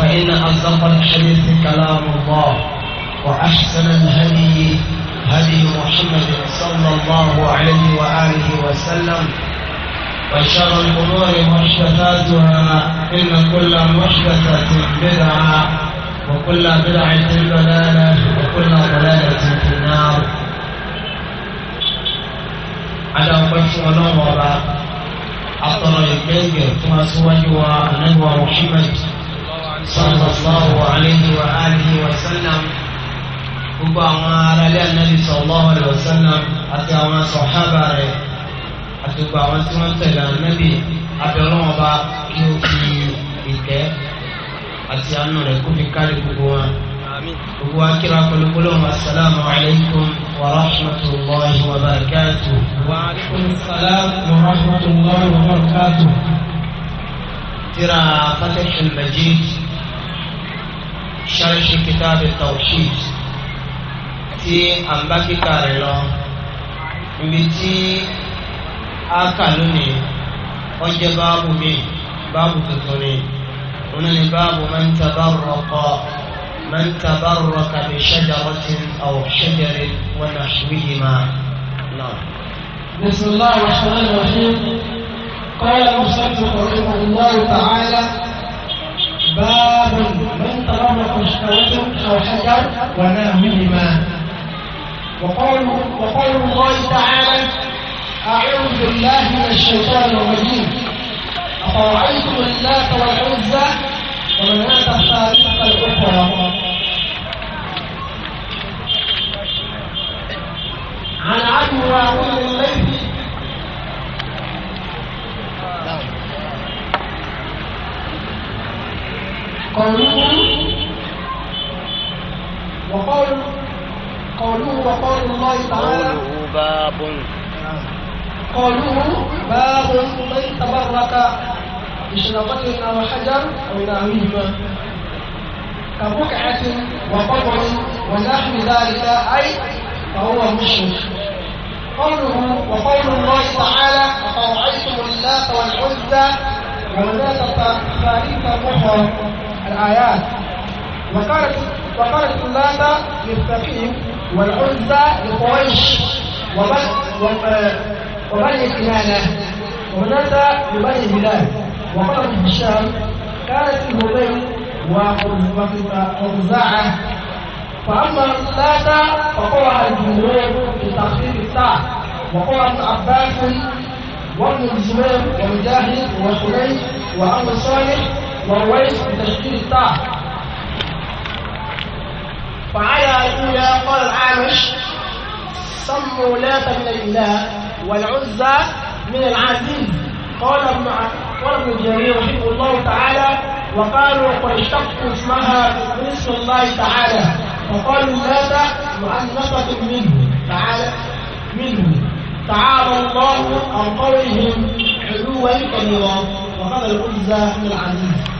فإن أصدق الحديث كلام الله وأحسن الهدي هدي محمد صلى الله عليه وآله وسلم وشر الأمور محدثاتها إن كل محدثة بدعة وكل بدعة ضلالة وكل ضلالة في النار على وجه ونظر أطر الكيك ثم سوى النبي محمد sallallahu alayhi wa alihi wa sallam gbogbo àwọn aráalé anabi sallallahu alayhi wa sallam àti àwọn sọ̀hábà rẹ̀ àti gbogbo àwọn tí wọ́n tẹ̀lé anabi abẹ́rún ọba yóò fi ìkẹ́ àti àánú rẹ̀ kó fi kárí gbogbo wọn. gbogbo akíra kọlọkọlọ wa salaamu alaykum wa rahmatulahi wa barakatu. wa alaykum salaam wa rahmatulahi wa barakatu. tírà fatahil majid ṣáríṣi kìtàbí tawhid tí a ń bá kíkà rẹ̀ lọ ibi tí a kà lónìí ó jẹ́ báàbù mi báàbù tuntun ni wọn ní báàbù man tabarraqa man tabarraqa bi shajaratin aw shajarin wa nahwihima náà. بسم الله الرحمن الرحيم قال المصنف رحمه الله تعالى باب من ترمق شهوته أو حجر ونامهما وقول وقول الله تعالى أعوذ بالله من الشيطان الرجيم أفرأيتم اللات والعزى ومناة الثالثة الأخرى عن عدو رضي وقول قوله وقول الله تعالى قوله باب قوله باب من تبرك بشنطة أو حجر أو ناويهما كبقعة وقبر ونحو ذلك أي فهو مشرك قوله وقول الله تعالى أفرأيتم اللات والعزى ومناة الثالثة الأخرى الآيات وقالت وقالت اللات للثقيف والعزى لقريش وبني كنانة ومناة لبني هلال وقالت هشام كانت الهذيل وخزاعة فأما اللات فقرأ الجمهور في تخفيف وقرأ وقرأت عباس وابن الزبير ومجاهد وسليم وعمر صالح ما بتشكيل بتشخيص فعلى الأولى قال الأعمش سموا لا من الله والعزى من العزيز قال ابن قال ابن جرير رحمه الله تعالى وقالوا قد اشتقوا اسمها من اسم الله تعالى فقالوا اللات مؤنثة منه تعالى منه تعالى الله عن قولهم علوا كبيرا وهذا العزى من العزيز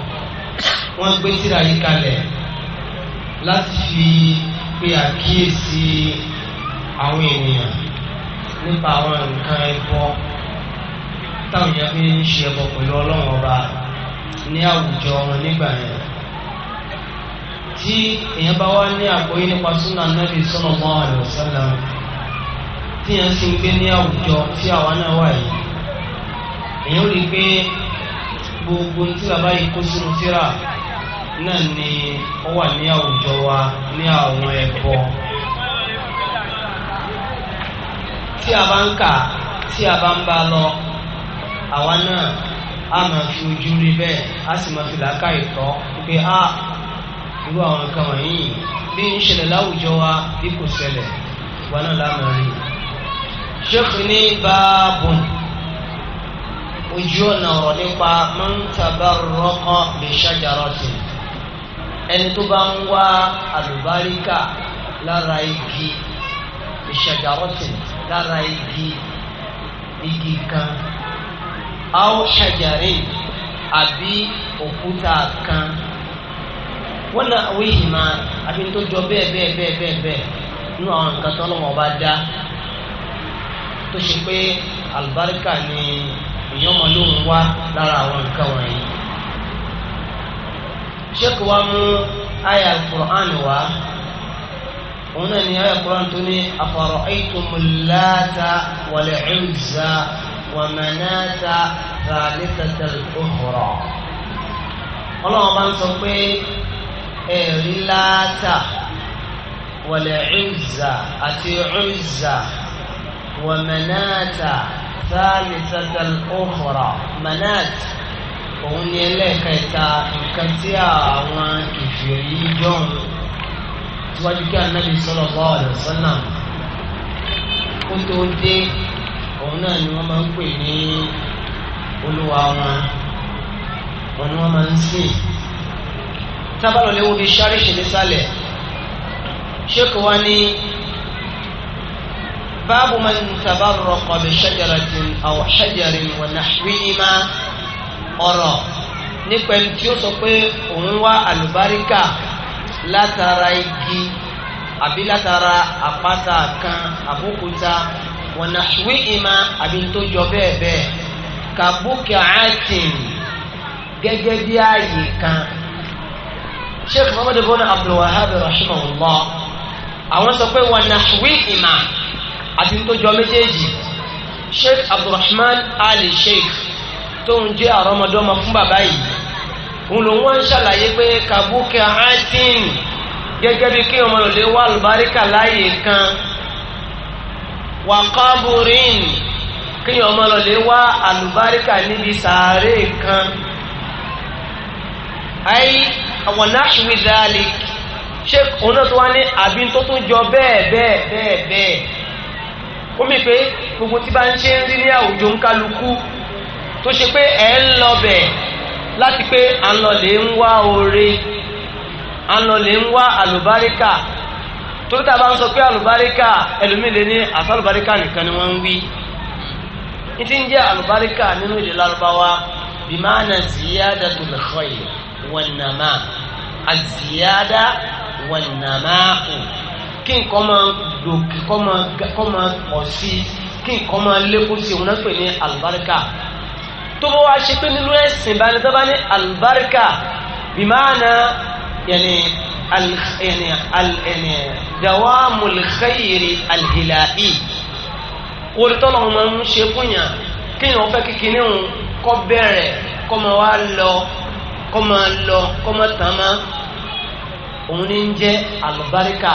wọ́n gbé síra yìí kalẹ̀ láti fi pe àkíyèsí àwọn ènìyàn nípa àwọn nǹkan ẹbọ táwọn èèyàn fi ń ṣe ẹbọ pẹ̀lú ọlọ́run ọba ní àwùjọ wọn nígbà yẹn tí èèyàn bá wá ní àgbọ́yé nípa súnà nàbì sallallahu alaihi wasallam tí èèyàn sì ń gbé ní àwùjọ tí àwa náà wà yìí èèyàn rí i pé gbogbo tí bàbá yìí kó sínú síra náà ni ó wà ní àwùjọ wa ní àwọn ẹ̀bọ tí a bá ń kà tí a bá ń bá lọ àwa náà a máa fi ojú rí bẹ́ẹ̀ a sì máa fi làákà ìtọ́ pé a irú àwọn nǹkan wọ̀nyí bí ń ṣẹlẹ̀ láwùjọ wa bí kò ṣẹlẹ̀ wa náà láàmú rí sheikh ní báàbùn ojú ọ̀nà ọ̀rọ̀ nípa man tabarraqa bi shajaratin ẹni tó bá ń wá àlùbáríkà lára igi ìṣàjàrọ́tì lára igi igi kan áwọ̀ ṣàjàrin àbí òkúta kan wọ́n na àwọn ìhìnmá àbí tó jọ bẹ́ẹ̀ bẹ́ẹ̀ bẹ́ẹ̀ bẹ́ẹ̀ bẹ́ẹ̀ nínú àwọn nǹkan tó lọ́wọ́ bá dá tó ṣe pé àlùbáríkà ni ìyọ́mọ ló ń wá lára àwọn nǹkan wọ̀nyí sheikh wa mú aya quran wa òun náà ni aya quran tó ní afara'aytumul Lata wal Uzza wa Manata thalithatal ukhra ọlọ́run bá ń sọ pé ẹ̀rí Lata wal Uzza àti Uzza wa Manata thalithatal ukhra Manat òun ni ẹlẹ́ẹ̀kẹta nǹkan tí àwọn kìfìrí jọ̀hún síwájú kí anábì sallallahu alaihi wasallam kó tó dé òun náà ni wọ́n máa ń pè ní olúwa wọn òun ni wọ́n máa ń sìn tábàlọ́ léwu bíi sáríṣì nísàlẹ̀ ṣéèkì wa ní báàbù man tabarraqa bi shajaratin aw shajarin wa nahwihima. ọ̀rọ̀ nípa ẹni tí ó sọ pé òun wá àlùbáríkà látara igi àbí látara àpáta kan àbókúta wọ̀nàṣúwì ìmọ̀ àbí tó jọ bẹ́ẹ̀ bẹ́ẹ̀ kàbókè àátìn gẹ́gẹ́ bí ààyè kan sheikh muhammad ibn abdul wahhab rahimahullah àwọn sọ pé wọ̀nàṣúwì ìmọ̀ àbí tó jọ méjèèjì sheikh ali sheikh. tóun jẹ́ àrọ́mọdọ́mọ fún bàbá yìí òun lòun wá ń ṣàlàyé pé kàbúkẹ́ àádín gẹ́gẹ́ bí kí ọmọ lòlẹ́ wà lùbáríkà láàyè kan Wakaburin, kọ́bùrín kí ọmọ lòlẹ́ wà àlùbáríkà níbi sàárè kan ayé àwọn náṣìwì dáàlì ṣé òun náà tó wá ní àbí tó tún jọ bẹ́ẹ̀ bẹ́ẹ̀ bẹ́ẹ̀ bẹ́ẹ̀ ó pé gbogbo tí bá ń ṣe ń rí ní àwùjọ ń kálukú tó ṣe pé ẹ̀ ń lọ bẹ̀ láti pé à ń lọ lè ń wá oore à ń lọ lè ń wá àlùbáríkà torí tá a bá ń sọ pé àlùbáríkà ẹlòmíì lè ní àsálùbáríkà nìkan ni wọ́n ń wí ní ti ń jẹ́ àlùbáríkà nínú èdè lárúbáwá bìmánà ziyada tó lè kọ́ yìí wọ́n nà máa máa kù kí nǹkan máa pọ̀ sí kí nǹkan máa lékún sí i náà pè ní àlùbáríkà tó bá wá ṣe pé nínú ẹ̀sìn bá ní tó bá ní albarka bí máa na yẹni yẹni yẹni dawamul khayri alhilai orí tọ́lọ̀ wọn máa ń ṣe fún yàn kéèyàn fẹ́ kíkiní òun kọ́ bẹ̀rẹ̀ kọ́ máa wá lọ kọ́ máa lọ kọ́ máa tàn máa òun ní ń jẹ́ albarka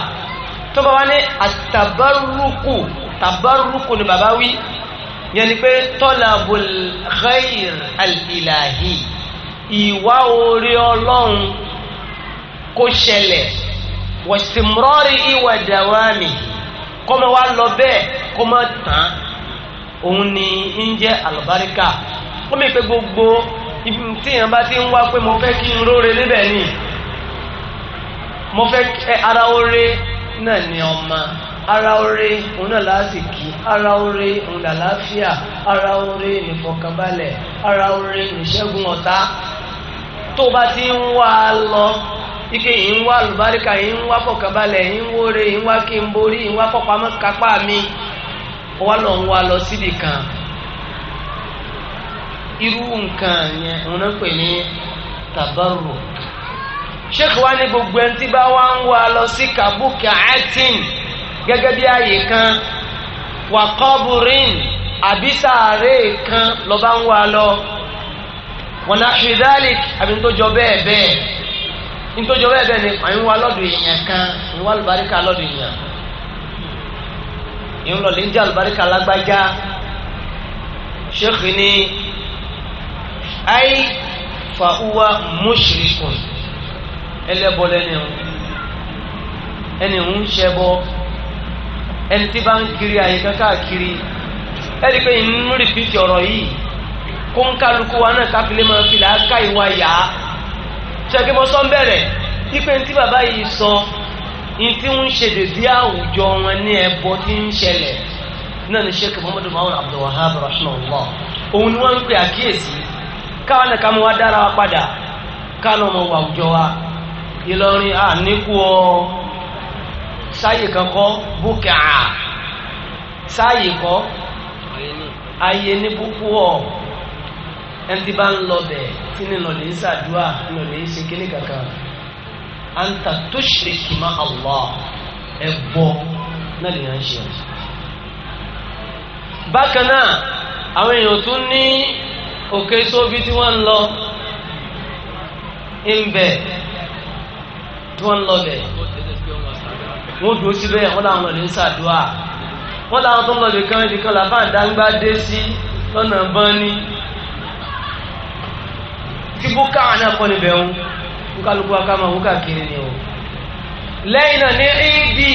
tó bá wá ní àtàbárúkù tàbárúkù ni bàbá wí yẹn ni pé tọ́làbùl khair al-ilahi ìwá orí ọlọ́run kó ṣẹlẹ̀ wọ̀sìmọ́rì ìwà dàwámi kọ́mọ wa lọ bẹ́ẹ̀ kọ́mọ tán òun ni ń jẹ́ àlùbáríkà kọ́mọ ìpè gbogbo tí èèyàn bá ti ń wá pé mo fẹ́ kí n róore níbẹ̀ ni mo fẹ́ ara oore náà ni ọmọ. ara ore òun náà lásìkí ara ore òun làlàáfíà ara oore nìfọ̀kànbalẹ̀ ara ore nìṣẹ́gun ọ̀tá tó bá ti ń ike yìí ń wá yìí ń wá yìí ń wóore yìí ń wá kí n borí yìí ń wá kápá wa ní gbogbo ẹni tí bá wá ń wá gẹ́gẹ́ bí ààyè kan wà kọ́bùrín àbí sàárè kan lọ́ba ń wà lọ wọn náà ṣe àbí ń tó bẹ́ẹ̀ bẹ́ẹ̀ ń tó bẹ́ẹ̀ bẹ́ẹ̀ ni àyìn wà lọ́dọ̀ èèyàn kan àyìn wà lùbáríkà lọ́dọ̀ èèyàn ìyẹn lọ lè ń jẹ́ àlùbáríkà lágbájá ṣéèkì ni ayi fa uwa mushrikun ẹni ń ṣẹbọ ẹni tí bá ń kiri àyíká káàkiri ẹni pé ń rìpítì ọ̀rọ̀ yìí kó ń kálukú wa náà káfílẹ̀ máa fi là á ká ìwà yá ṣẹ́gi mo sọ ń bẹ̀rẹ̀ ipe tí bàbá yìí sọ ní tí ń ṣèdèdí àwùjọ wọn ní ẹbọ tí ń ṣẹlẹ̀ náà ni sheikh muhammadu mahmud abdulwahab rahmanullah òun ni wọ́n ń pè àkíyèsí káwọn nìkan mú wa dára wa padà káwọn ọmọ wà àwùjọ wa Ìlọrin àníkù ọ sáyè kan kọ́ búkà sáyè kọ́ ayé ní búkú ọ̀ ẹni tí bá ń lọ bẹ̀ tí ní lọ lè ṣàdúrà lọ lè ṣe kíní kankan anta tushriku ma Allah ẹ bọ́ náà lè yàn ṣe bákan náà àwọn èèyàn tún ní òkè sóbi tí wọ́n ń lọ ń bẹ̀ tí wọ́n ń lọ bẹ̀ wọ́n dúró síbẹ̀ wọ́n làwọn lọ́ọ́ lè ń ṣàdúrà wọ́n làwọn tó ń lọ́ọ́ lè kan ibìkan làbá àdáńgbá dé sí lọ́nà bọ́ni tí búkà náà kọ́ níbẹ̀ ń kúkálukú aká máa wúkà kiri ni o lẹ́yìn náà ní ìdí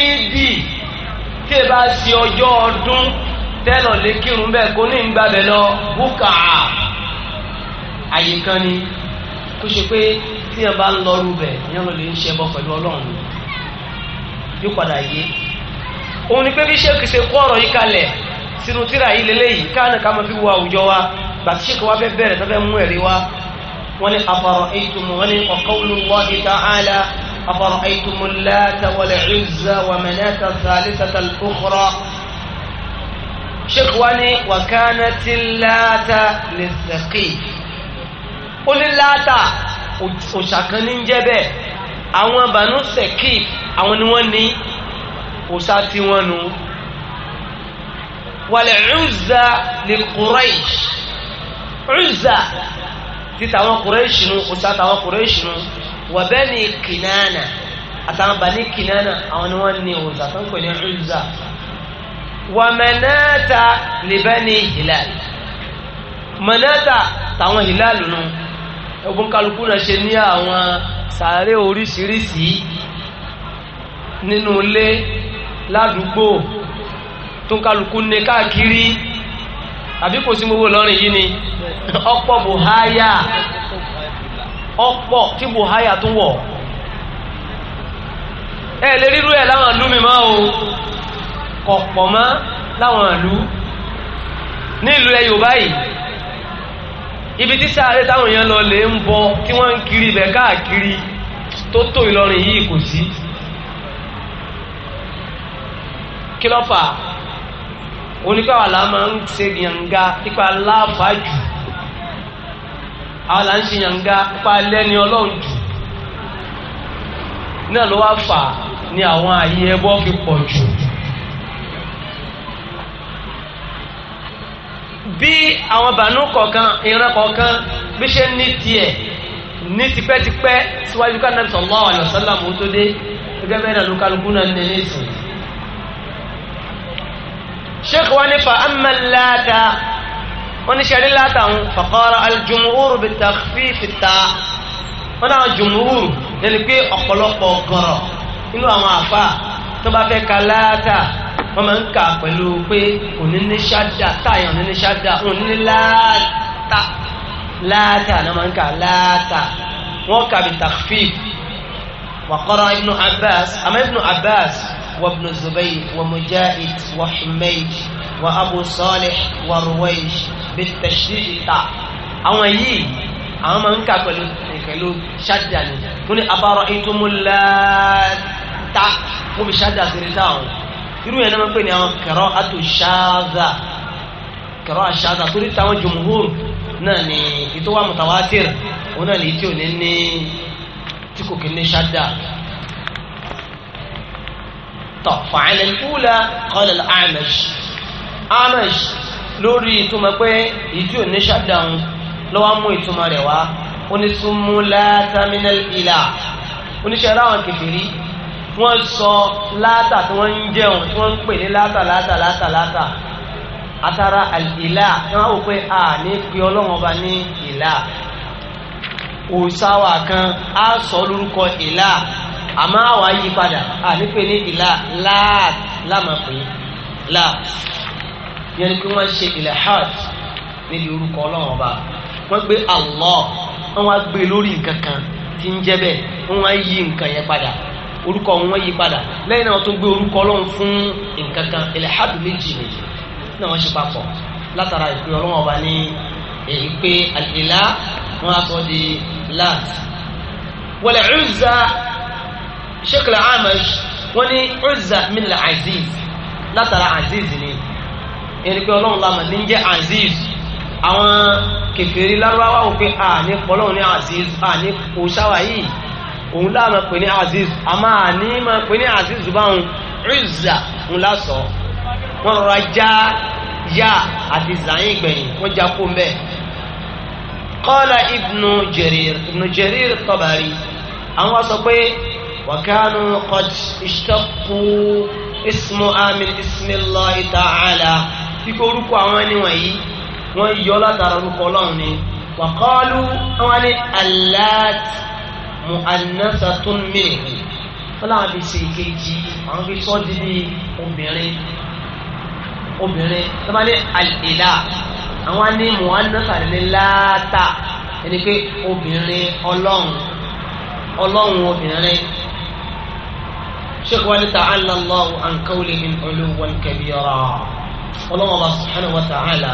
ìdí tí ẹ bá ṣe ọjọ́ ọdún tẹ́lọ̀ lè bẹ́ẹ̀ kó ní gbàbẹ̀ lọ búkà àyè ni tó ṣe pé tí ẹ ń lọ rú bẹ̀ ìyẹn ló lè ń ṣẹbọ pẹ̀lú ọlọ́run yóò padà yé òun ni pé bí sèkì ṣe kó ọ̀rọ̀ yìí kalẹ̀ sínú tíra yìí lélẹ́yìí káàna ká máa fi wo àwùjọ wa gbàtí sèkì wa fẹ́ bẹ̀rẹ̀ tó fẹ́ mú ẹ̀rí wa wọ́n ní afọ̀rọ̀ ètùmù wọ́n ní qawlu Allahi ta'ala afọ̀rọ̀ ètùmù láta wọlé ìzà wà mẹ́nẹ́ta sàlẹ́sàtà lókùrọ̀ sèkì wa ní wàkánà tí láta lè sèkì ó ní láta òṣàkan ní jẹ́ bẹ́ẹ̀ àwọn bànú sẹ̀kì àwọn ni wọ́n ní òṣà tí wọ́n nu wàlẹ̀ Uzza lè Quraish Uzza ti tàwọn Quraish nu òṣà tàwọn Quraish nu wà bani Kinana àtàwọn bàní Kinana àwọn ni wọ́n ní òṣà tó ń pè ní Uzza wà Manata lè bani Hilal Manata tàwọn Hilal nu ogun kálukú náà ṣe ní àwọn sàárè oríṣiríṣi nínú ilé ládùúgbò tó ń kálukú ní káàkiri àbí kò sí gbogbo lọ́rìn yìí ni ọ̀pọ̀ buhaya ọ̀pọ̀ tí buhaya tó wọ̀ ẹ lè rírú ẹ̀ láwọn ìlú mi máa o kọ̀pọ̀ mọ́ láwọn ìlú ní ìlú ẹ Yorùbá yìí ibi tí sáré táwọn èèyàn lọ lè ń bọ tí wọ́n ń kiri ibẹ̀ káàkiri tó tó Ìlọrin yìí kò sí kí ló fà oníkàwà là máa ń ṣe yànga ipa láàfà jù àwọn là ń ṣe yànga ipa lẹ́ni ọlọ́run jù náà ló wá fà ní àwọn àyè ẹbọ fi pọ̀ jù. bí àwọn bànú kọ̀ọ̀kan ìran kọ̀ọ̀kan bí ṣe ní tiẹ̀ ní tipẹ́tipẹ́ síwájú ká nàbì sallallahu alaihi wasallam tó dé gẹ́gẹ́ bẹ́ẹ̀ náà lukaluku náà ní ní ìsìn. sheikh wa ní fa amma Laata wọ́n ní sẹ́rí Laata ń faqara al-jumhuru bit-takhfif ta wọ́n náà jumhuru yẹn pé ọ̀pọ̀lọpọ̀ gọ̀rọ̀ inú àwọn àfa tó bá fẹ́ ka Laata wọ́n máa ń kà pẹ̀lú pé oníníṣáda táyà oníníṣáda oníláàtà láàtà náà máa ń kà láàtà wọ́n kà bí takhfif wa qara ibnu abbas àmọ́ ibnu abbas وابن الزبير ومجاهد وحميد وابو صالح ورويش بالتشديد تاع àwọn yìí àwọn máa ń kà pẹ̀lú pẹ̀lú ṣáàdà ni wọ́n ní abárọ̀ ìtumúláàtà wọ́n fi ṣáàdà sí rí táwọn irú yẹn náà pè ní àwọn kẹrọ àtò ṣáàzà kẹrọ àṣáàzà torí táwọn jùmùhúrù náà ní ìtọ́wà mùtàwátìr òun náà ní tí ò ní ní tí kò kí ní ṣáàdà tọ̀ fàáìlẹ̀ kúlà kọ́lẹ̀ àmẹ́ṣ àmẹ́ṣ lórí ìtumọ̀ pé ìdí ò ṣáàdà ń lọ́wọ́ mú ìtumọ̀ rẹ̀ wá onísùnmùlá tàmínẹ́lì ìlà oníṣẹ́ ráwọn kẹfìrí wọ́n sọ láàtà tí wọ́n ń jẹun tí wọ́n ń pè ní láàtà láàtà láàtà láàtà atara ìlà tí wọ́n wò pé a ní pe ọlọ́wọ́n ọba ní ìlà òsáwà kan á sọ lórúkọ ìlà àmọ́ àwa yí a ní pe ní ìlà láàt lámàpé láàt yẹn ni pé wọ́n ṣe ìlà hàt níbi orúkọ ọlọ́wọ́n ọba wọ́n gbé Allah wọ́n wá gbé lórí nǹkan kan tí ń jẹ́ bẹ́ẹ̀ wọ́n yí nǹkan yẹn padà orúkọ wọn yí padà lẹ́yìn náà wọ́n tún gbé orúkọ ọlọ́run fún nǹkan kan ìlẹ̀hàdù méjì méjì náà wọ́n ṣe papọ̀ látara ìpè ọlọ́run ọba ní èyí pé àlìlá wọn á sọ di láàt. wal Uzza Sheikh al-Amash wọ́n ní Uzza min al-Aziz látara Aziz ni ẹni pé ọlọ́run lamà ní jẹ́ Aziz àwọn kèfèrí lárúbáwá wò pé à ní pọ́lọ́run ní Aziz à ní òṣàwà yìí òun láàmà pè ní aziz a máa ní máa pè ní aziz báhùn rizza ń lásọ wọ́n rọra já yá àti zayin gbẹ̀yìn wọ́n já kó mbẹ́ qala ibnu jarir ibnu jarir tabari àwọn sọ pé wàkánu qad ishtaqu ismu amin ismillahi ta'ala fíkó orúkọ àwọn ẹni wọ̀nyí wọ́n yọ látara orúkọ ọlọ́run ni wàkọ́lù àwọn ni aláàtì mu'annathatun minhu wọ́n láwọn fi ṣe ìkejì àwọn fi sọ́ di bí obìnrin obìnrin tó bá ní àlìlá àwọn ní mu'annatha ní láàtà ẹni pé obìnrin ọlọ́run ọlọ́run obìnrin ṣéèkì wa ní ta'ala Allahu an qawlihi uluwan kabira ọlọ́run ọba subhanahu wa ta'ala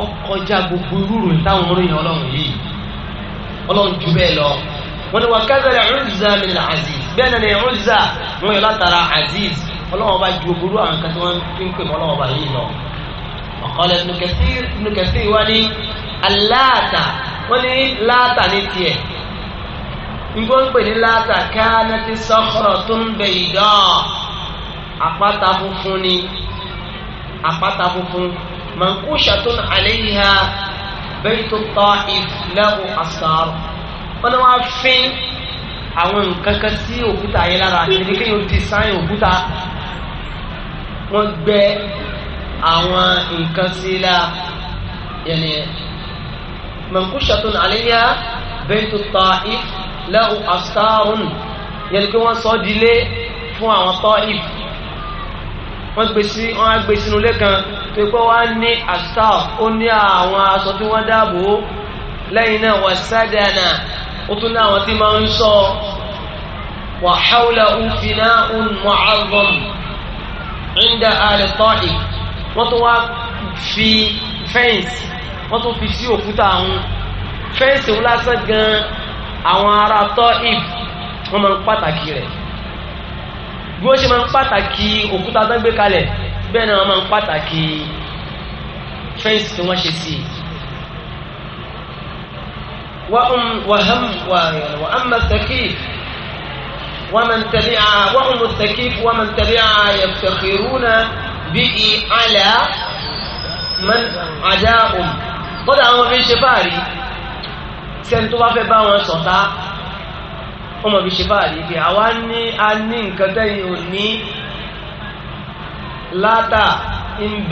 ọkọjá gbogbo rúrù táwọn orin ọlọ́run yìí ọlọ́run jù lọ wọ́n ni wà kẹ́sẹ̀rẹ̀ ọ̀rùzà mi là aziz bẹ́ẹ̀ náà ni ọ̀rùzà wọ́n yọ látara aziz ọlọ́wọ́n bá ju ogoro àwọn kan tí wọ́n fi ń pè mọ́ ọlọ́wọ́n bá yìí lọ. ọ̀kọ́lẹ̀ nùkẹ́sì wá ní aláàtà wọ́n ní láàtà ní tiẹ̀ nígbà wọ́n pè ní láàtà káná ti sọ́kọ̀rọ̀ tó ń bẹ ìdọ́ àpáta funfun ni àpáta funfun mankushatun alayha baytu ta'if lahu asar wọ́n lọ́ wá fín àwọn nǹkan kan sí òkúta yẹn lára àti kéèyàn ti sáyìn òkúta wọ́n gbẹ́ àwọn nǹkan sí lára yẹn ni mankushatun alayya baytu ta'if lahu astarun yẹn ni pé wọ́n sọ dilé fún àwọn ta'if wọ́n gbé sí wọ́n á gbé sínú ilé kan tó kọ́ wá ní astar ó ní àwọn aṣọ tí wọ́n dáàbò lẹ́yìn náà wọ́n sádànà ó tún ní àwọn tí máa ń sọ wà hawla ufina un mu'azzam inda al-ta'i wọ́n tún wá fi fẹ́ǹsì wọ́n tún fi sí òkúta àwọn fẹ́ǹsì wọn lásán gan àwọn ará Ta'if wọ́n máa ń pàtàkì rẹ̀ bí wọ́n ṣe máa ń pàtàkì òkúta tó gbé kalẹ̀ bẹ́ẹ̀ náà wọ́n máa ń pàtàkì fẹ́ǹsì tí wọ́n ṣe sí i. وأم وهم وأما التكييف ومن تبعها وأم التكييف ومن تبعها يفتخرون به على من عداهم قد أمر في شفاري سنتوا في بعض صوتا أما في شفاري في عواني أنين كتير لا تا إن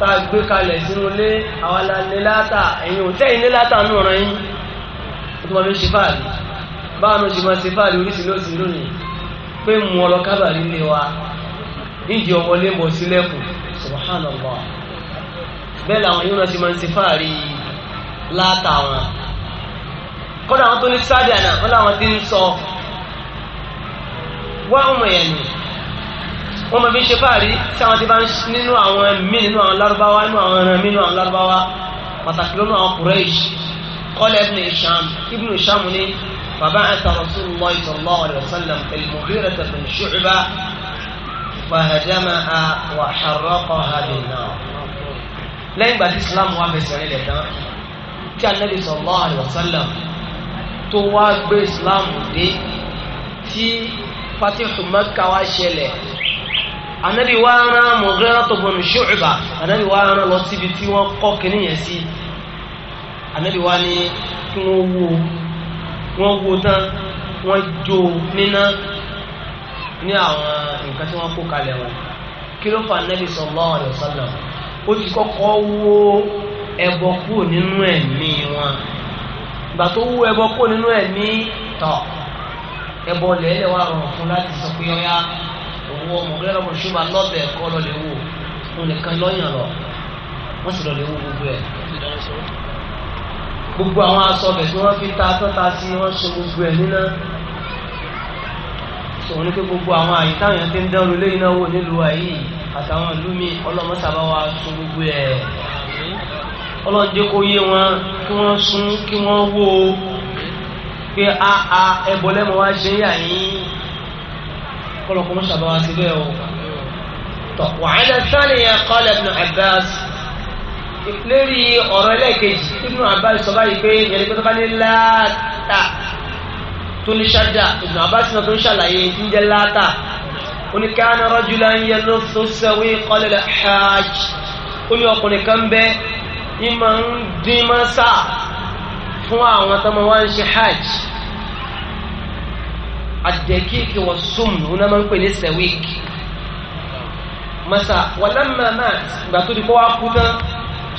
tá a gbé kalẹ̀ sínú ilé àwọn alalẹ́ látà ẹ̀yìn òtẹ́ ilé látà nù ọ̀ràn yín ó tó máa fi ṣe fáàlì báwọn oṣù máa ṣe fáàlì oríṣi ló ti lónìí pé mú ọ lọ kábàárì ilé wa ìjì ọmọlé mọ̀ sílẹ̀kùn subhanallah bẹ́ẹ̀ làwọn yóò náà ti máa ṣe fáàlì látà wọn kọ́dà àwọn tó ní sádìánà wọn ti ń sọ wá ọmọ yẹn nìyẹn wọ́n mọ̀ bí ń ṣe fáàrí tí àwọn ti bá nínú àwọn mí nínú àwọn lárúbáwá nínú àwọn ẹran mí nínú àwọn lárúbáwá pàtàkì lónú àwọn Quraysh qala ibn Hisham ibn Hisham ní فبعث رسول الله صلى الله عليه وسلم المغيرة بن شعبة فهدمها وحرقها بالنار lẹ́yìn ìgbà tí islam wà fẹsẹ̀ rẹ̀ tán tí anabi sallallahu alaihi wasallam tó wá gbé islam dé anabi waana mɔgɔya tɔbɔn suɛba anabi waana lɔsi bi tiwa kɔ kini yɛ si anabi waani kiŋɔ wo kiŋɔ wo tan kiŋɔ jo nina ni awo nka ti wa ko kalɛ wa kilo fa anabi sɔlɔ wa sɔlɔ o ti kɔ kɔ wo ɛbɔ ko ninu yɛ mi wa bato wo ɛbɔ ko ninu yɛ mi tɔ ɛbɔ lɛ lɛ wa rɔ fun lati sɔkuyɔya. òwò mọ̀gbẹ́rẹ́ ọmọ ṣùgbọ́n alọ́bẹ̀ ẹ̀kọ́ lọ lè wò wọn nìkan lọ́yàn lọ wọ́n sì lọ lè wò gbogbo ẹ̀. gbogbo àwọn aṣọ ọbẹ̀ tí wọ́n fi ta tọ́ta sí wọ́n ṣe gbogbo ẹ̀ níná. sọ̀rọ̀ ní pé gbogbo àwọn àyè táwọn yẹn ti ń dán lólé iná wò nílùú ayé àtàwọn ìlú mi ọlọ́mọ́sàbá wa sun gbogbo ẹ̀ ọlọ́njẹ́ kó yé wọn kí wọ́n sún kí wọ́n wó pé a a ẹ̀bọ̀lẹ́mọ̀ wá ṣe yà yín kọlọ kọmọ ṣàbáwá sí bẹ́ẹ̀ o tọ wàhálà sani yẹn qala ibn abbas lérí ọ̀rọ̀ ẹlẹ́ẹ̀kejì ibn abbas sọ báyìí pé yẹn pé tó bá ní láàtà tó ní ṣáda ibn abbas náà tó ń ṣàlàyé ń jẹ láàtà oníkàánà rọ́júlá ń yẹ ló tó sẹ́wé kọ́lẹ̀lẹ̀ hajj ó ní ọkùnrin kan bẹ́ ìmọ̀ ń dín mọ́ sáà fún àwọn tó máa wá ń ṣe hajj. الدقيق والسم هنا من كل سويك مسا ولما مات باتو دي كوا كوتا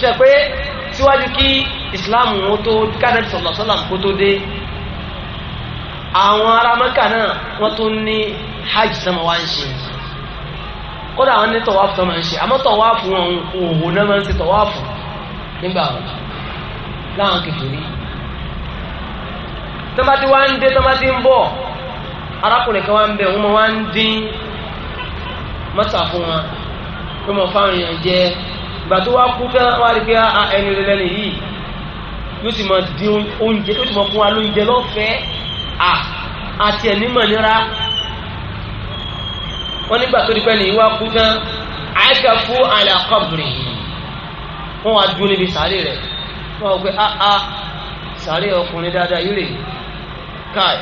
شاكوي síwájú kí islam wọn tó kánẹ́tì sọ̀lọ̀ sọ́làm kó tó dé àwọn ará mẹ́kà náà wọ́n tó ní hajj sọ́mọ wá ń ṣe kódà àwọn ní tọ̀wáfù tó máa ń ṣe àmọ́ tọ̀wáfù wọn òwò náà máa ń ṣe tọ̀wáfù nígbà wọn láwọn kìfìrí tọ́mátí wá ń dé tọ́mátí ń bọ̀ arákùnrin kan wá ń bẹ òun máa wá ń dín mọ́tà fún wọn pé mo fáwọn èèyàn jẹ ìgbà tó wá kú fẹ́ràn wá rí pé ah, ah, ẹni rẹ lẹ́nu yìí yóò sì máa dín oúnjẹ yóò sì máa fún wa lóúnjẹ lọ́fẹ̀ẹ́ àti ẹ̀ nímọ̀ nira nígbà tó di pẹ́ ní ìwà kú tán àìkà fún àlà kọ́bìrì wọ́n wá dún níbi sàárè rẹ̀ wọ́n wọ́n pé áá ah, sàárè ọkùnrin dáadáa yìí rè káì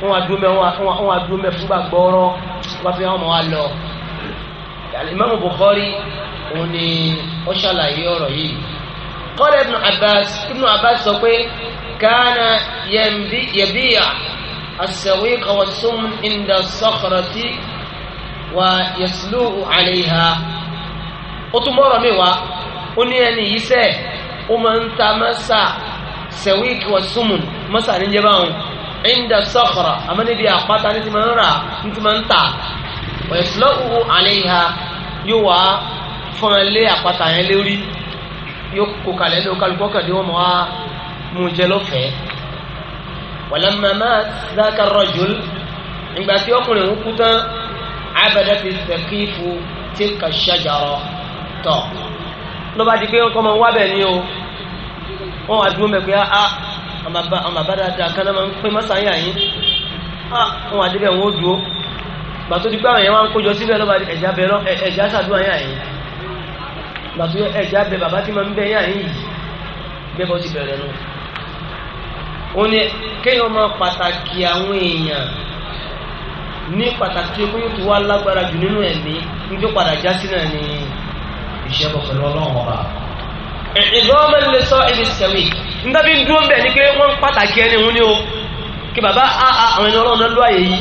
wọn wá dúró mẹ wọn wá dúró mẹ fúgbà gbọrọ wọn fi hàn wọn wá lọ Imam Bukhari òun ni ó ṣàlàyé ọ̀rọ̀ yìí qala Ibn Abbas Ibn Abbas sọ pé kana yabiya as-sawiq wa as inda as wa yasluhu alayha ó tún bọ̀rọ̀ mi wá ó ní ẹni yìí sẹ́ ó máa ń ta mọ́sà sawiq wa as-sum báwọn inda sọ́kọ̀rọ̀ amani níbi àpáta ní ti máa ń rà ní ti máa ń tà ọ̀yẹ̀sùlọ́ òwò àlẹ́ ìhà yóò lé àpáta yẹn lórí yóò kó kalẹ̀ lé okàlùkọ́ kàdé wọn wá mú jẹ lọ́fẹ̀ẹ́ walamma mat dhaka ar-rajul nígbà tí ọkùnrin ń kú tán abadat as-saqifu tilka ash-shajara tọ̀ ló bá di pé ọkọ̀ máa wá ni o wọ́n wá dúró mẹ́ pé á àwọn bàbá dáadáa kan náà máa ń pín mọ́sáyà yín ah, wọn àdébẹ̀ wọn ó dúró gbàtó di pé àwọn èèyàn máa ń kójọ síbẹ̀ lọ́ba ẹ̀já bẹ̀ ẹ̀já sàdúrà yà yín gbàtó ẹ̀já bẹ̀ bàbá tí máa ń bẹ̀ yà yín yìí bẹ́ẹ̀ bọ́ ti bẹ̀rẹ̀ nù. ó ní kéèyàn máa pàtàkì àwọn èèyàn ní pàtàkì pé yóò ti wá lágbára jù nínú ẹ̀mí nítorí padà já sí náà ní ìṣẹ́ bọ̀ pẹ̀lú ọlọ́run ọba ìdọ́mọ̀ lè sọ ibi sẹ̀wì nítorí dúró bẹ̀ ní pé wọ́n pàtàkì ẹni wọn ni o kí bàbá àwọn ẹni ọlọ́run náà lọ àyè yìí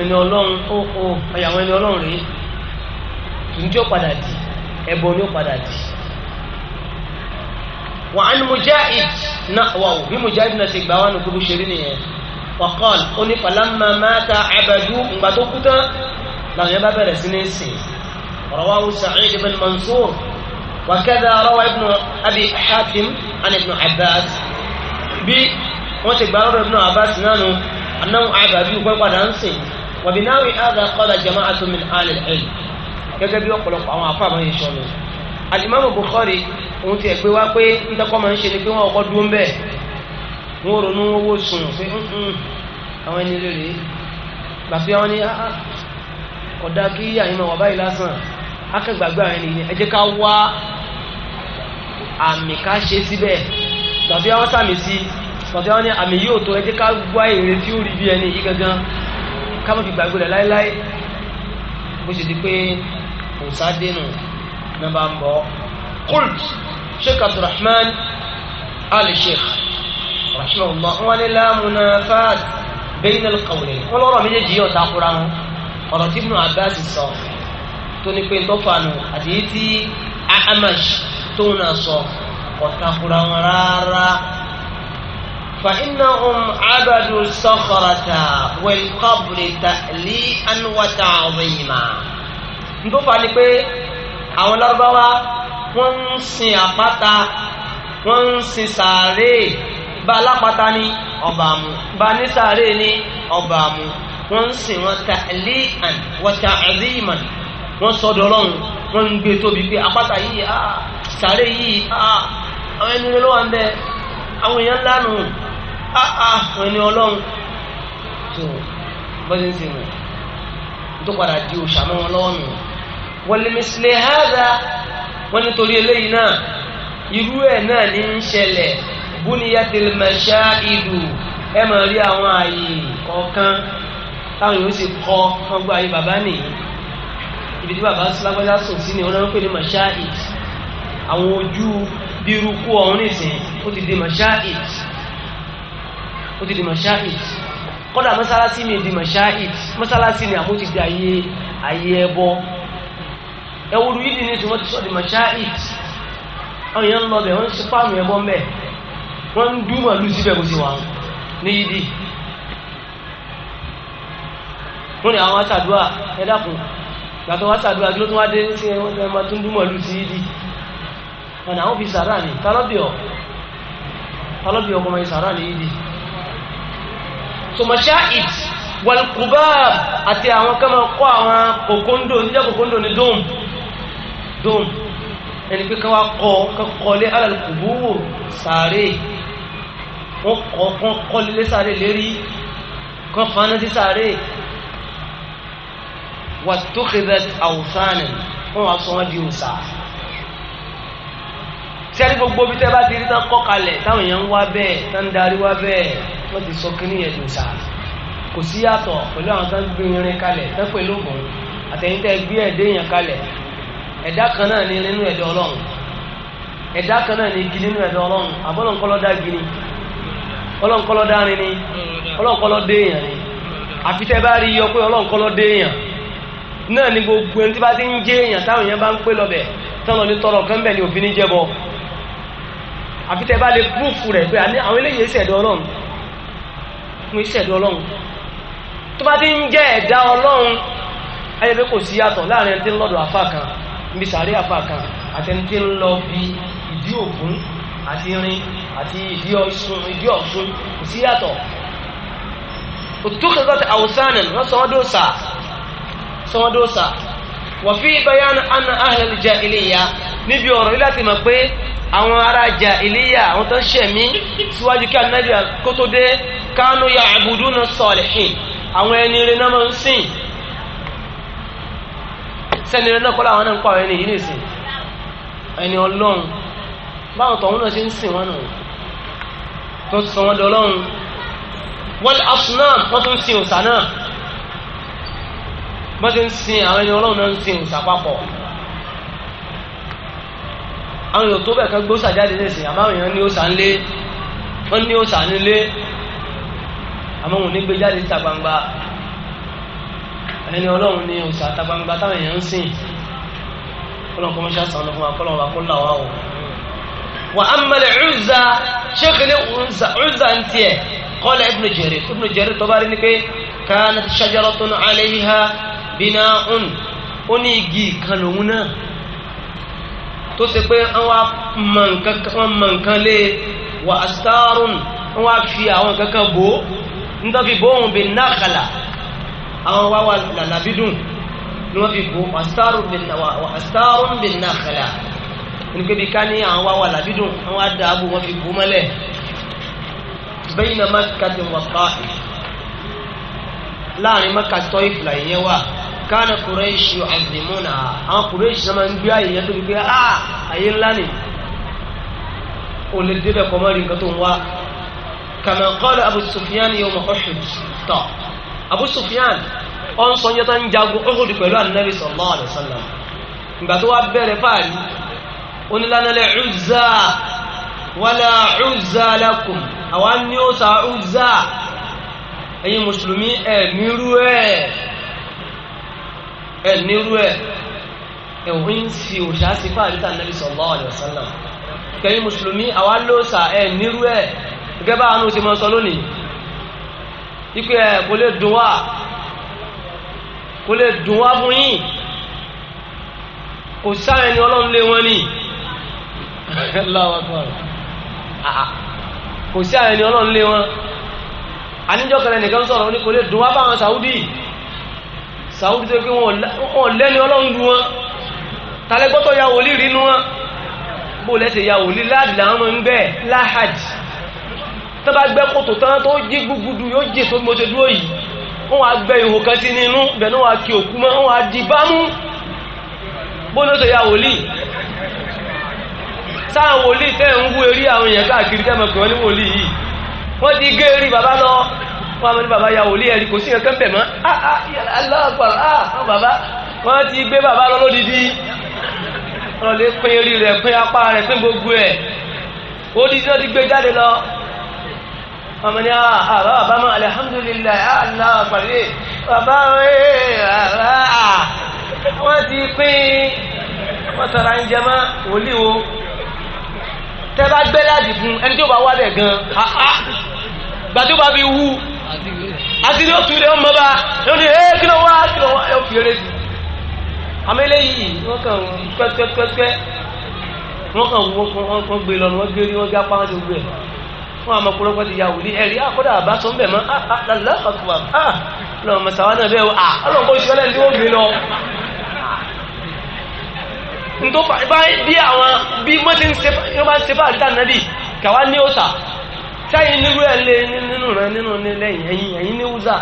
ẹni ọlọ́run ó ó ọyà àwọn ẹni ọlọ́run rèé ǹjẹ́ ó padà dì ẹbọ ni ó padà dì. wà á ní mujahid náà wà ó bí mujahid náà ṣe gbà wà ní gbogbo ṣeré nìyẹn wàkọ́l ó ní falamma mata abadu ńgbà tó kú tán làwọn yẹn bá bẹ̀rẹ̀ sí ní sìn rawahu Sa'id ibn وكذا روى ابن أبي حاتم عن ابن عباس وتكبر ابن عباس نانو أنه عبد أبي وبناوي هذا قال جماعة من أهل العلم gẹ́gẹ́ bí ọ̀pọ̀lọpọ̀ àwọn afáàmọ́ yìí sọ ni alimami Bukhari òun ti ẹ̀gbẹ́ wá pé ntọ́kọ́ máa ń ṣe ni pé wọ́n ọkọ̀ dúró ń bẹ̀ wọ́n ronú owó sùn pé àwọn ẹni rere gbàfi àwọn ni ọ̀dà kí àyìnbó wà báyìí lásán akẹ́gbàgbé àwọn ẹni ẹ̀jẹ̀ ká wá àmì ká ṣe síbẹ̀ tàbí àwọn sàmì sí tàbí àwọn ní àmì yóò tó ẹjẹ́ ká gbá èrè tí ó rí bí ẹni yìí gangan ká má fi gbàgbé rẹ̀ láéláé bó ṣe di pé òòsà dénú ní bá ń bọ̀ kult sheikh abdulrahman ali sheikh rahimahullah wọn ní lámúná fáad bẹ́yìn alqawlẹ̀ wọn lọ́rọ̀ méjèèjì yóò takura wọn ọ̀rọ̀ tí ibùdó abẹ́ àti sọ tó ní pé tó fanu àti yìí tí amash tóun náà sọ ọ̀tàkùrà wọn rárá. فإنهم عبدوا الصخرة والقبر تأليئا وتعظيما ntó fà ni pé àwọn lárúbáwá wọ́n ń sin àpáta wọ́n ń sin sàárè bá alápáta ní ọba àmú bá ní sàárè ní ọba àmú wọ́n ń sin wọn ta'li'an wa ta'ziman wọ́n sọdọ̀ ọlọ́run wọ́n ń gbé tóbi pé àpáta yìí ah, sàárè yìí ah, ah, àwọn ẹni ló wà ń bẹ àwọn èèyàn lánà ah, àwọn ẹni ọlọ́run tó bọ́sẹ̀ ń sèwọ̀n tó padà di òṣàmọ́ wọn lọ́wọ́ nù wọ́n lè mẹ́sìlẹ̀ hádà wọ́n nítorí eléyìí náà irú ẹ̀ náà ní ń ṣẹlẹ̀ buniyatil mashaidu ẹ máa rí àwọn ààyè kọ̀ọ̀kan táwọn yóò sì kọ́ fún ọgbà ayé bàbá nìyí ibi tí bàbá sọlágbájá sùn sí ni wọ́n náà ń pè ní mashaidu àwọn ojú bí irú kú ó ti di mashahid ó ti di mashahid kódà mọ́sálásí mi di mashahid mọ́sálásí ni àmó ti di ayé ayé ẹbọ ẹwúrú yìí di ní ti sọ di mashahid àwọn èèyàn ń lọ bẹ̀ wọ́n ń sọpá àmì ẹbọ mẹ́ wọ́n ń dú màlúù síbẹ̀ kó sì wà ní yìí di wọ́n ní àwọn àtàdúrà ẹ dákun gbàtọ́ kí ló tún wá dé sí ẹ wọ́n ti máa tún dú yìí ọ̀nà àwọn fi sàrà ní tálọ́bìọ̀ tálọ́bìọ̀ ọmọ yìí sàrà ní ibi so masha it walkubab àti àwọn kama kọ́ àwọn kòkóńdò níjẹ́ kòkóńdò ní dome dome ẹni pé káwá kọ́ kọ́lé alàlùkùbúwò sàárè wọ́n kọ́ kọ́ kọ́lé sàárè lérí kan fana ti sàárè wàtúkìdà àwùsánì wọ́n wá sọ wọ́n di òsàá sẹ́ni gbogbo bí tẹ́ bá ti rí tán kọ́ kalẹ̀ táwọn èèyàn ń wá bẹ́ẹ̀ tán ń darí wá bẹ́ẹ̀ wọ́n ti sọ kíní yẹn dùn sáà kò sí yàtọ̀ pẹ̀lú àwọn tán gbé irin kalẹ̀ tán pẹ̀lú àtẹ̀yìn tẹ́ gbé ni nínú ẹ̀dá ọlọ́run ẹ̀dá kan náà ni igi nínú ọlọ́run gini ọlọ́nkọ́lọ́dá rin ni ní tọrọ kan bẹ̀ àbí tẹ́ bá lè gúrùfù rẹ̀ pé àwọn eléyìí ṣẹ̀dọ̀ ọlọ́run fún ìṣẹ̀dọ̀ ọlọ́run tó bá ti ń jẹ́ ẹ̀dá ọlọ́run ayé kò sí yàtọ̀ láàrin tí ń lọ́dọ̀ afá níbi sàárẹ̀ ati kan idi tí ń lọ bí ìdí òkun àti irin àti ìdí ọ̀ṣun kò sí yàtọ̀ òtútù àwòsàn níbi àwọn arajà ìléyà àwọn tó ṣẹ̀mí síwájú kí anabi kó tó dé kánú ya àbùdú náà sọ̀lẹ̀hìn àwọn ẹni rẹ̀ náà máa ń sìn sẹ́ni rẹ̀ náà kọ́ làwọn náà ń pa àwọn ẹni yìí nìsín ẹni ọlọ́run báwọn tọ̀hún náà ṣe ń sìn wọn nù tó sọ wọn dọlọ́run wọ́n asùnàm wọ́n tún sin òòṣà náà wọ́n ti ń sin àwọn ẹni ọlọ́run náà ń sin òòṣà papọ̀ àwọn èèyàn tó bẹ̀ kan gbósà jáde nísìnyí àmọ́ àwọn èèyàn ní òsà ńlé wọ́n ní òsà nílé àmọ́ wọn ò ní gbé jáde níta gbangba ẹni ọlọ́run ní òsà ta gbangba táwọn èèyàn ń sìn ọlọ́run kọ́ mọ́ṣá sàn lọ́fún wa kọ́ lọ́wọ́ wa kó là wá o. wà á mẹ́lẹ̀ Uzza ṣéèkì ní Uzza ń tiẹ̀ qala Ibn Jarir Ibn Jarir tó bá rí ni pé kanat shajaratun alayha bina'un ó ní igi kan lòun náà tó ṣe pé wọ́n mọ nǹkan lé wà astárùn wọ́n fi àwọn nǹkan kan bò ó nítorí fi bò ó bí nákàlà àwọn wá wà làlàbídùn ni wọ́n fi bò ó wà astárùn bí nákàlà nígbèbí ká ní àwọn wá wà làbídùn wọ́n á dáàbò wọ́n fi bò mọ́lẹ̀ bẹ́yìn náà wọ́n pa láàrin mọ́kàtọ́ ìfìlà ìyẹn wà kánà kùrẹ́ṣì ọ̀dìmúnà àwọn kùrẹ́ṣì náà máa ń gbé àyè yẹn tó fi pé a ah, àyè ńlá ni o lè débẹ̀ kọ́ mọ́rin nǹkan tó ń wá kàmá kọ́lá abu sufiyan yóò mọ̀ ọ̀ṣù tọ̀ abu sufiyan ọ̀ ń sọ́njọ́ tó ń jagun ọ̀hùn pẹ̀lú anabi sallallahu alayhi wa sallam ìgbà tó wá bẹ̀rẹ̀ fáàlì onílànàlẹ̀ ọ̀zà lakum àwọn ni ó sa ọ̀zà ẹ̀yin mùsùlùmí ẹ̀ nírú ẹ nírú ẹ ẹ̀wọ̀n ń fi òṣà sí fáàrí tà nàbí sallallahu alaihi wasallam kẹ́yìn mùsùlùmí àwa lóòsà ẹ nírú ẹ gẹ́gẹ́ bá àánú ti mọ sọ lónìí ipe ẹ kò lè dùn wá kò lè dùn wá fún yín kò sáyẹn ni ọlọ́run lé wọn ni kò sí àyẹn ọlọ́run lé wọn àníjọ́ kẹrẹ nìkan sọ̀rọ̀ ní kò lè dùn wá báwọn Saudi sàúdí tó pé wọn lẹ́ni ọlọ́run lu wọn talẹ́gbọ́tọ̀ ya wòlí rí nu wọn bó lẹ́sẹ̀ ya wòlí láàdì làwọn ọmọ ń bẹ́ láhàj tó bá gbẹ́ kòtò tán tó jí gbúgbúdú yóò jè tó mo ṣe dúró yìí wọn wá gbẹ́ ihò kan sí nínú bẹ̀rẹ̀ wọn kí òkú mọ́ wọn di bámú bó lẹ́sẹ̀ ya wòlí sáà wòlí tẹ́ ń wú eré àwọn èèyàn káàkiri tẹ́ mọ̀ pé ní wòlí yìí wọ́n ti gé eré bàbá lọ wọ́n á ní bàbá ya wòlíì ẹ̀rí kò sí nǹkan bẹ̀ mọ́ ah, ah, aláàbàrà ah, àwọn bàbá wọ́n ti gbé bàbá lọ lódìdí wọ́n lè pín orí rẹ̀ pín apá rẹ̀ pín gbogbo ẹ̀ odidi náà ti gbé jáde lọ ọmọ ní àbá bàbá mọ́ alihamudulilayi aláàbàrà eh, bàbá eh, wọ́n ti pín wọ́n sọ̀rọ̀ àìjẹ́ mọ́ wòlíì wo tẹ́ bá gbẹ́ láti fún ẹni tí ó bá wá bẹ̀ gan-an gbàdúrà bí wú àti ní oṣù rẹ̀ ọmọ bá ẹ̀rọ ni ẹ́ kí ló wá kí ló wá ẹ̀ fi eré sí àmọ́ eléyìí wọ́n kàn ń pẹ́pẹ́pẹ́pẹ́ wọ́n kàn wọ́n kàn gbé lọ́nu wọ́n gbé rí wọ́n gbé apá wọn ti gbé fún àmọ́ kúrọ́pọ́ ti ya wòlí ẹ̀rí àkọ́dà ah, àbá tó ń bẹ̀ mọ́ àlàlàkọ̀tùwà lọ́wọ́ mọ̀tàwá náà bẹ́ẹ̀ à ah, ọlọ́nkọ́ ìṣẹ́lẹ̀ ní òun gbé lọ ah. bí àwọn bí wọ́n ti ń ṣe bá ń ṣe bá àríta nàbì kàwá ní òòsà ka nírú ẹ̀ lé nínú rẹ̀ nínú nílẹ̀ ẹ̀yìn ẹ̀yìn ní wúzà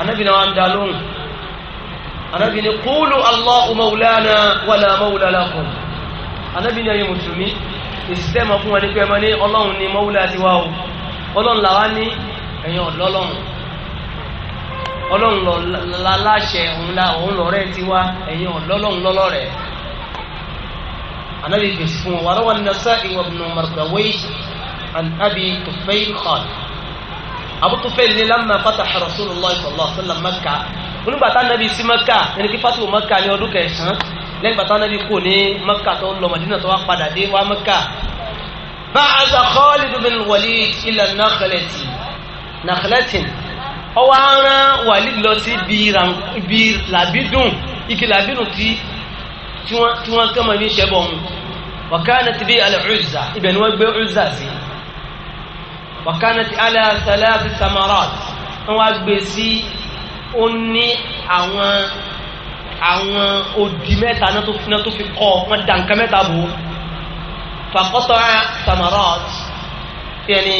anábì náà na da lóhùn anábì ní kúlù Allahu maulana wala maula lakum anábì ní ẹ̀yìn na ìsìtẹ́mọ̀ fún wọn ní pé ẹmọ ní maula ti wá o ọlọ́run làwa ní ẹ̀yìn ọ̀lọ́lọ́run ọlọ́run láláṣẹ òun lọ́rẹ́ ti wá ẹ̀yìn ọ̀lọ́lọ́run lọ́lọ́rẹ̀ anábì fèsì na wọn wàlọ́wọ́ Nasa'i wa Ibn عن أبي طفيل قال أبو طفيل لما فتح رسول الله صلى الله عليه وسلم مكة onígbà tá nàbí sí mẹ́kà ẹni kí fatiwo mẹ́kà ní ọdún kẹsàn-án lẹ́yìn gbà tá nàbí kò ní mẹ́kà tó lọ mọ̀dínà tó wá padà dé wá mẹ́kà. bá a zà Khalid bin Walid ila nàkàlẹ́tì nàkàlẹ́tì ọwọ́ aràn Walid lọ sí ibi làbídùn igi làbídùn tí wọ́n kẹ́ mọ́ ibi ń ṣẹ́ bọ̀ wọn. wàkànnà ti bí al-Uzza ibẹ̀ ni wọ́n gbé Uzza sí i wàkánàtì aláàtàláàfi samarat wọ́n wá gbé sí ó ní àwọn àwọn odi mẹ́ta náà tó fi kọ́ wọ́n dà nǹkan mẹ́ta bò fàkọ́tọ̀ samarat yẹni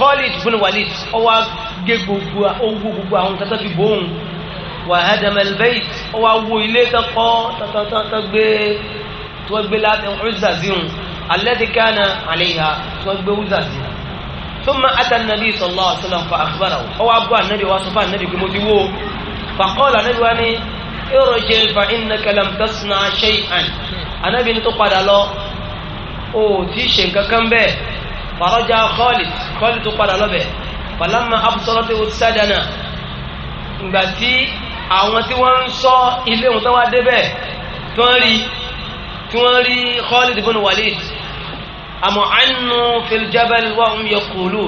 Khalid bin Walid ó wá gé gbogbo owó gbogbo àwọn nǹkan tó fi bò òun wàhádàm albait ó wá wo ilé tó kọ́ tó gbé tó gbé láti ọ̀rọ̀ ìzàzíhùn alẹ́dìkánà àlẹ́yà tó gbé ìzàzí ثم أتى النبي صلى الله عليه وسلم فأخبره أو أبوى النبي وصفى النبي بمدوه فقال النبي أني ارجع فإنك لم تصنع شيئا النبي نتقد له أو تيشن كم به فرجع خالد خالد تقد له به فلما أبصرته السدنة باتي àwọn tí wọ́n ń sọ ilé wọn tó wá débẹ̀ tí wọ́n rí tí wọ́n àmọ́ àánú filjabal wà ń yẹ kúlù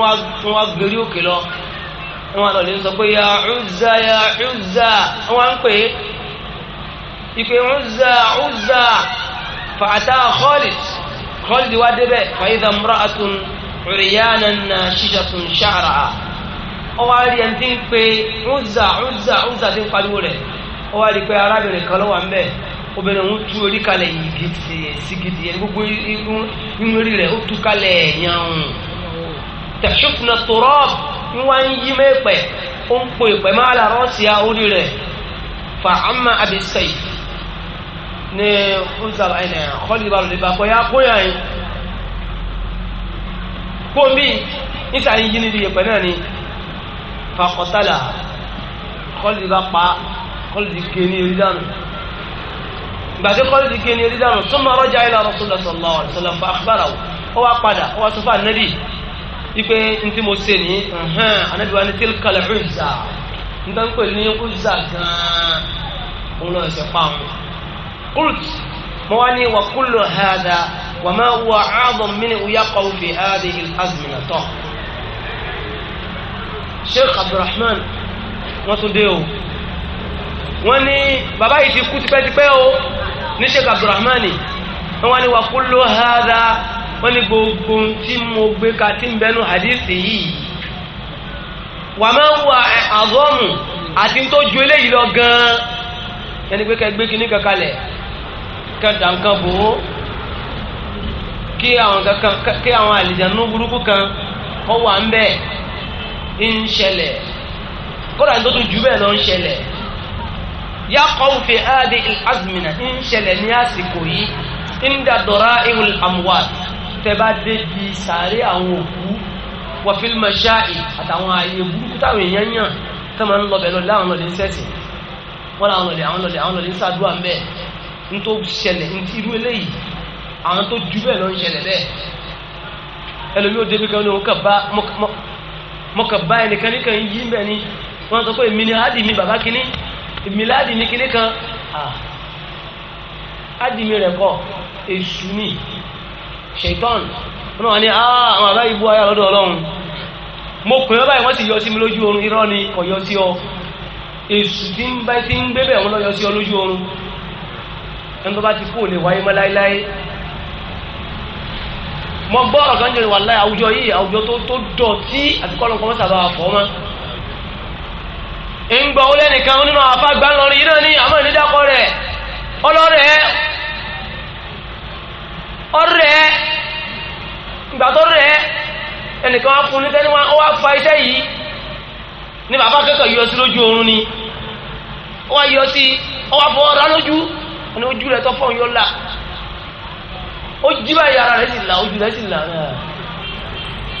wọn wá gbèrú òkè lọ wọn wá lọlé sọ pé ya Uzza ya Uzza wọn ń pè é ìpè Uzza Uzza fàtà Khalid Khalid wá débẹ̀ fàyídà mùràtún rìyànà nà ṣíṣàtún ṣàrà ọ wá rí ẹni ń pè Uzza Uzza Uzza tí ń pariwo rẹ̀ ọ wá pé arábìnrin kan ló wà ń bẹ́ẹ̀ obìnrin ń tú orí kalẹ̀ yìgìtì sìgìtì yẹn gbogbo inú orí rẹ̀ ó tú kalẹ̀ yànn tẹ̀sùfúnà tòrọ́ọ̀bù ń wá ń yí mẹ́pẹ̀ ó ń po ìpẹ́ máa la rọ́ọ̀sì ya orí rẹ̀ fa ama abisai ní ọ̀sàlà ẹ̀ náà kọ́lì ìbára lè bá kọ́ ya kó yà yín kó níta yín yí níbi ìpẹ́ náà ni fa kọ́tàlà kọ́lì ìbá pa kọ́lì ìgé ní orí gbàgbé kọ́lù ti gé ní orí dànù tó máa rọ́jà ilà Rasulullah sallallahu alaihi wasallam fa akhbara ó wá padà ó wá sọ fún anabi ipe ntí mo ṣe ní anabi wa ní tilkal Uzza nta ń pè ní Uzza gan-an òun wọ́n tún dé o wọ́n ní bàbá yìí ti kú tipẹ́tipẹ́ o ní sheikh abdulrahmani wọ́n ní wa kullu hadha wọ́n ní gbogbo tí mo gbé ka tí ń bẹnu hadithi yìí wà máa ń wà àzọ́mù àti tó ju eléyìí lọ gan ẹni pé kẹgbẹ́ kínní kankalẹ̀ kẹta nǹkan bò ó kí àwọn àlìjánu burúkú kan kọ́ wà ń bẹ̀ ń ṣẹlẹ̀ kódà tó tún jù bẹ́ẹ̀ lọ ń ṣẹlẹ̀ yà kọ́ fi áàdì azmina ń ṣẹlẹ̀ ní àsìkò yìí ń dàdọ̀rà ìwòl àmúwà tẹ́ bá dé bi sàárẹ̀ àwọn òkú wà fílmù ṣáì àtàwọn ààyè burúkú táwọn èèyàn yàn tẹ́ máa ń lọ bẹ̀rẹ̀ lọ́dẹ àwọn lọ́dẹ ń sẹ́sìn wọ́n làwọn lọ́dẹ àwọn lọ́dẹ àwọn lọ́dẹ ń sàdúrà ń bẹ́ẹ̀ ń tó ṣẹlẹ̀ ń ti irú eléyìí àwọn tó ju bẹ́ẹ̀ lọ ń ṣẹlẹ̀ bẹ́ẹ̀ ẹlòmí ò débi kan ní òun kàbá mọ̀kàbá ẹnìkan níkan yí bẹ́ẹ̀ ni wọ́n sọ pé èmi ni áàdì bàbá kínní míládì ní kíní kan ádìmí ah. rẹ̀ kọ́ èṣù ní ṣètọ́n wọn wà ní ah, àwọn àbá ìbú ayá lọ́dọ̀ ọlọ́run mo pè ọ́ báyìí wọ́n sì yọ sí mi lójú oorun irọ́ ni kò yọ sí ọ èṣù tí ń bá ti ń gbé bẹ̀ lọ yọ sí ọ lójú oorun ẹni tó bá ti kú lè wáyé mọ́ láéláé mo gbọ́ ọ̀rọ̀ kan jẹ́ wà láyé àwùjọ yìí àwùjọ tó dọ̀tí àti kọ́lọ́kọ́ mọ́sàbà àfọ́ mọ́ ìgbà ó lẹ́nìkan nínú àfágbá ńlọrin yìí náà ní àmọ́ ìnídàkọ́ rẹ̀ ọlọ́rẹ̀ ọ ìgbà ẹnìkan wá fún nítẹ́ni wá wá fa iṣẹ́ yìí ní bàbá akẹ́kọ̀ọ́ yọ sí lójú oorun ni ó wá yọ sí ó wá fọ ọ̀rá lójú ní ojú rẹ̀ tó fọ́n yọ là ara rẹ̀ sì là ojú rẹ̀ sì là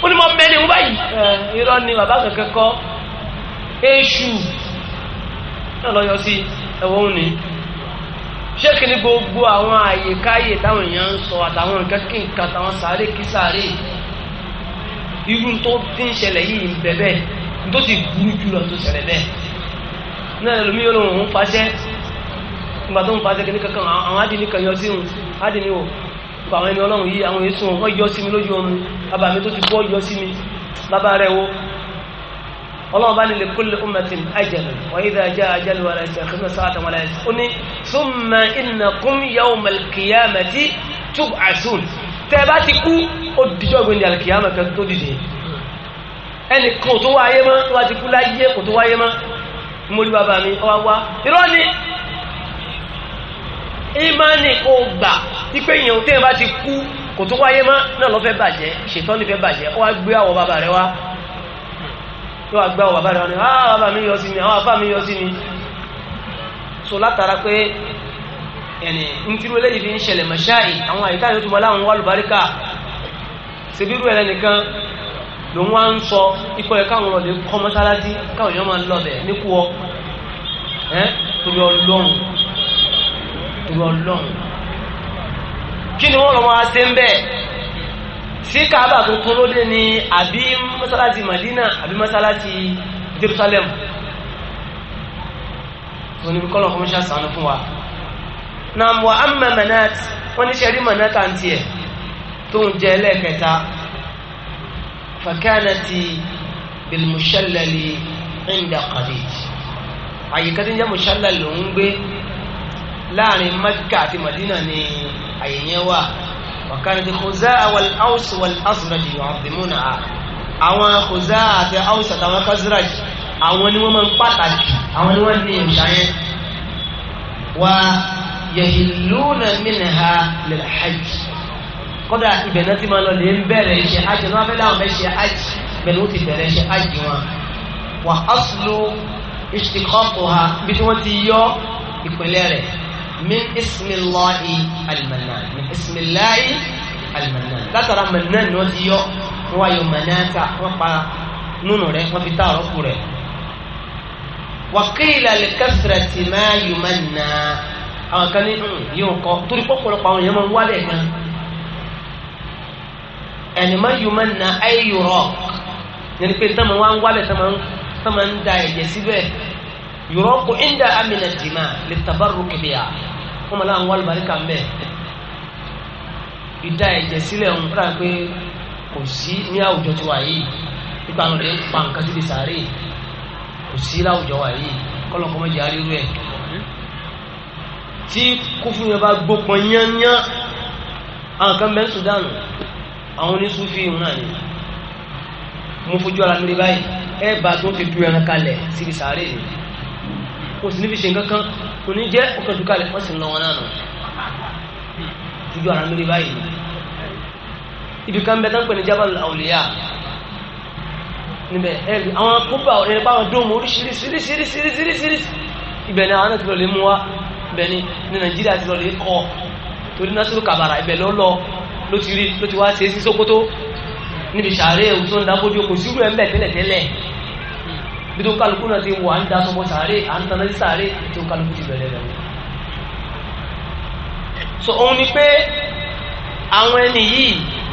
ó ní èṣù náà lọ yọ sí ẹwọ òun ni ṣé kí ni gbogbo àwọn àyèkáyè táwọn èèyàn ń sọ àtàwọn nǹkan kí nǹkan àtàwọn sàárè kí sàárè irú tó ti ń ṣẹlẹ̀ yìí ń bẹ bẹ́ẹ̀ tó ti burú jù lọ tó ṣẹlẹ̀ bẹ́ẹ̀ náà ẹlòmíì yóò lòun ń faṣẹ́ nígbà tó ń faṣẹ́ kí ní kankan àwọn adìní kan yọ sí òun adìní o gbogbo àwọn ẹni ọlọ́run yìí àwọn èso wọn yọ sí mi lójú ọrùn bàbá mi tó ti bọ́ yọ sí mi bàbá rẹ wo ọlọ́run bá nílé kulli ummatin ajalun wa idha jaa ajaluhum wala yasta'khiruna sa'atan wala yastaqdimun ó ní thumma innakum yawmal qiyamati tub'athun tẹ́ ẹ bá ti kú ó dijọ́ gbẹ̀ndẹ̀ alkiyama kan tó dìde ẹnì kan tó wáyé mọ́ tó wá ti kú láyé kò tó wáyé mọ́ mo rí bàbá mi ọwá wá irọ́ ni ìmánì kò gbà ipe èèyàn tẹ́ bá ti kú kò tó wáyé mọ́ náà lọ́ bàjẹ́ ṣètọ́ ni fẹ́ bàjẹ́ ó gbé àwọ̀ bàbá rẹ wá tó àgbà wọ bàbá rẹ̀ wọn ni ah bàbá mi yọ sí ni àwọn afá mi ni so látara pé ẹni ntiru eléyìí fi ń ṣẹlẹ̀ mọ̀ṣáì àwọn àyíká yóò tún láwọn wà lùbáríkà ṣèbírú ẹ̀rẹ́ nìkan ló wá ń sọ ikọ̀ ẹ̀ káwọn ọ̀lẹ́ kọ́ mọ́sálásí káwọn ọ torí ọlọ́run torí ọlọ́run kí ṣé káàbà tuntun ló dé ni àbí mọ́sálásí Madina àbí mọ́sálásí Jerusalem wọn ni kọ́lọ̀ kọ́mọ́ṣá sànú fún wa na wà á mẹ́ manat wọ́n ní sẹ́rí manat àǹtí ẹ̀ tó ń jẹ́ ẹlẹ́ẹ̀kẹta fakanati bilmushalali inda Khadij àyíká tí ń jẹ́ mushalali ló ń gbé láàrin Madina ni àyè wàkàndì Khuzaa wal Aws wal Khazraj yu'azzimuuna àwọn Khuzaa àti Aws àtàwọn Khazraj àwọn ni wọ́n máa ń pàtàkì àwọn ni wọ́n ní ìṣá yẹn wà yahilluna minha lil hajj kódà ibẹ̀ náà ti máa lọ lè ń bẹ̀rẹ̀ iṣẹ́ hajj ní wọ́n fẹ́ láwọn ṣe hajj bẹ̀rẹ̀ ó ti bẹ̀rẹ̀ iṣẹ́ hajj wọn wà aslu ishtiqaquha bí wọ́n ti yọ ìpínlẹ̀ rẹ̀ من اسم الله min من اسم الله mannan ni wọ́n ti yọ wọ́n ayọ̀ manata wọ́n pa nínú rẹ̀ wọ́n fi tá àrọ́kù rẹ̀ wàkìlà lè kẹsìrẹ̀ tì máa yù máa nà àwọn kan ní hmm, yóò kọ́ torí pọ́pọ́lọpọ̀ àwọn èèyàn máa ń wálẹ̀ gan ẹni máa yù máa nà ayé yòrọ̀ yẹn ni pé tọ́mọ wa ń wálẹ̀ tọ́mọ ń da ẹ̀jẹ̀ síbẹ̀ yurọ́kù ẹ̀ńdà amina jìmá lè tabarú kìbíyà wọ́n mọ̀ láwọn wàlú barika ń bẹ̀ ìdá ẹ̀jẹ̀ sílẹ̀ ń rà pé kò sí ní àwùjọ tiwa yìí nípa àwọn ọ̀rẹ́ pa nǹkan síbi sàárè kò sí láwùjọ wa yìí kọ́lọ́kọ́ mọ́ jẹ́ arírú ẹ̀ tí kófù yẹn bá gbópọn yányán àwọn kan bẹ́ẹ̀ Sudan àwọn ni mo fojú ara mi rí báyìí ẹ bá tó fi du kò sí níbi ṣe nǹkan kan kò ní jẹ́ ọkàn dúkàlẹ̀ wọ́n sì ń lọ wọn náà nù dúdú ara mi rí báyìí ibi kan bẹ tán pè ní jábàlù àwòlíyà níbẹ̀ ẹ̀rì àwọn kópa ẹ̀rì báwọn dóòmù oríṣiríṣiríṣiríṣiríṣiríṣi ibẹ̀ ni àwọn náà ti lọ lè mú wa ibẹ̀ ni ní nàìjíríà ti lọ lè kọ́ torí násìrò kàbàrà bí tó kálukú náà ti wọ à ń daṣọ bọ sàárè à ń taná sí sàárè àti tó kálukú ti bẹ̀rẹ̀ rẹ̀ so òun ni pé àwọn ẹni yìí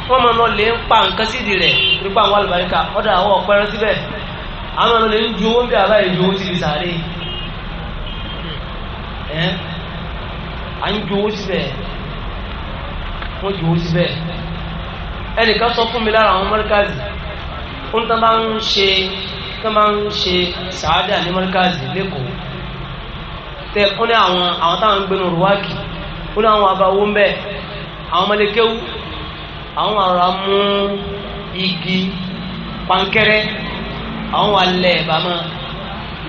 wọ́n máa lọ lè ń pa nǹkan sídìí rẹ̀ nípa àwọn àlùbáríkà ọ̀dà àwọn ọ̀pẹ̀rẹ̀ síbẹ̀ àwọn ọ̀nà lè ń ju owó ń bẹ̀ àbá ìlú owó síbi sàárè ẹ́ à ń ju owó síbẹ̀ wọ́n ju owó síbẹ̀ ẹnìkan sọ fún mi lára àwọn mọ́ríkàzì ó ń tán bá ń ṣe tó máa ń ṣe sàádà ní mọ́ríkàzì lẹ́kọ̀ọ́ tẹ ó ní àwọn àwọn táwọn ń gbénu rúwákì ó ní àwọn abawó ń bẹ àwọn ọmọlẹ́kẹ́wù àwọn ará mú igi pankẹ́rẹ́ àwọn wà lẹ̀ bàmọ́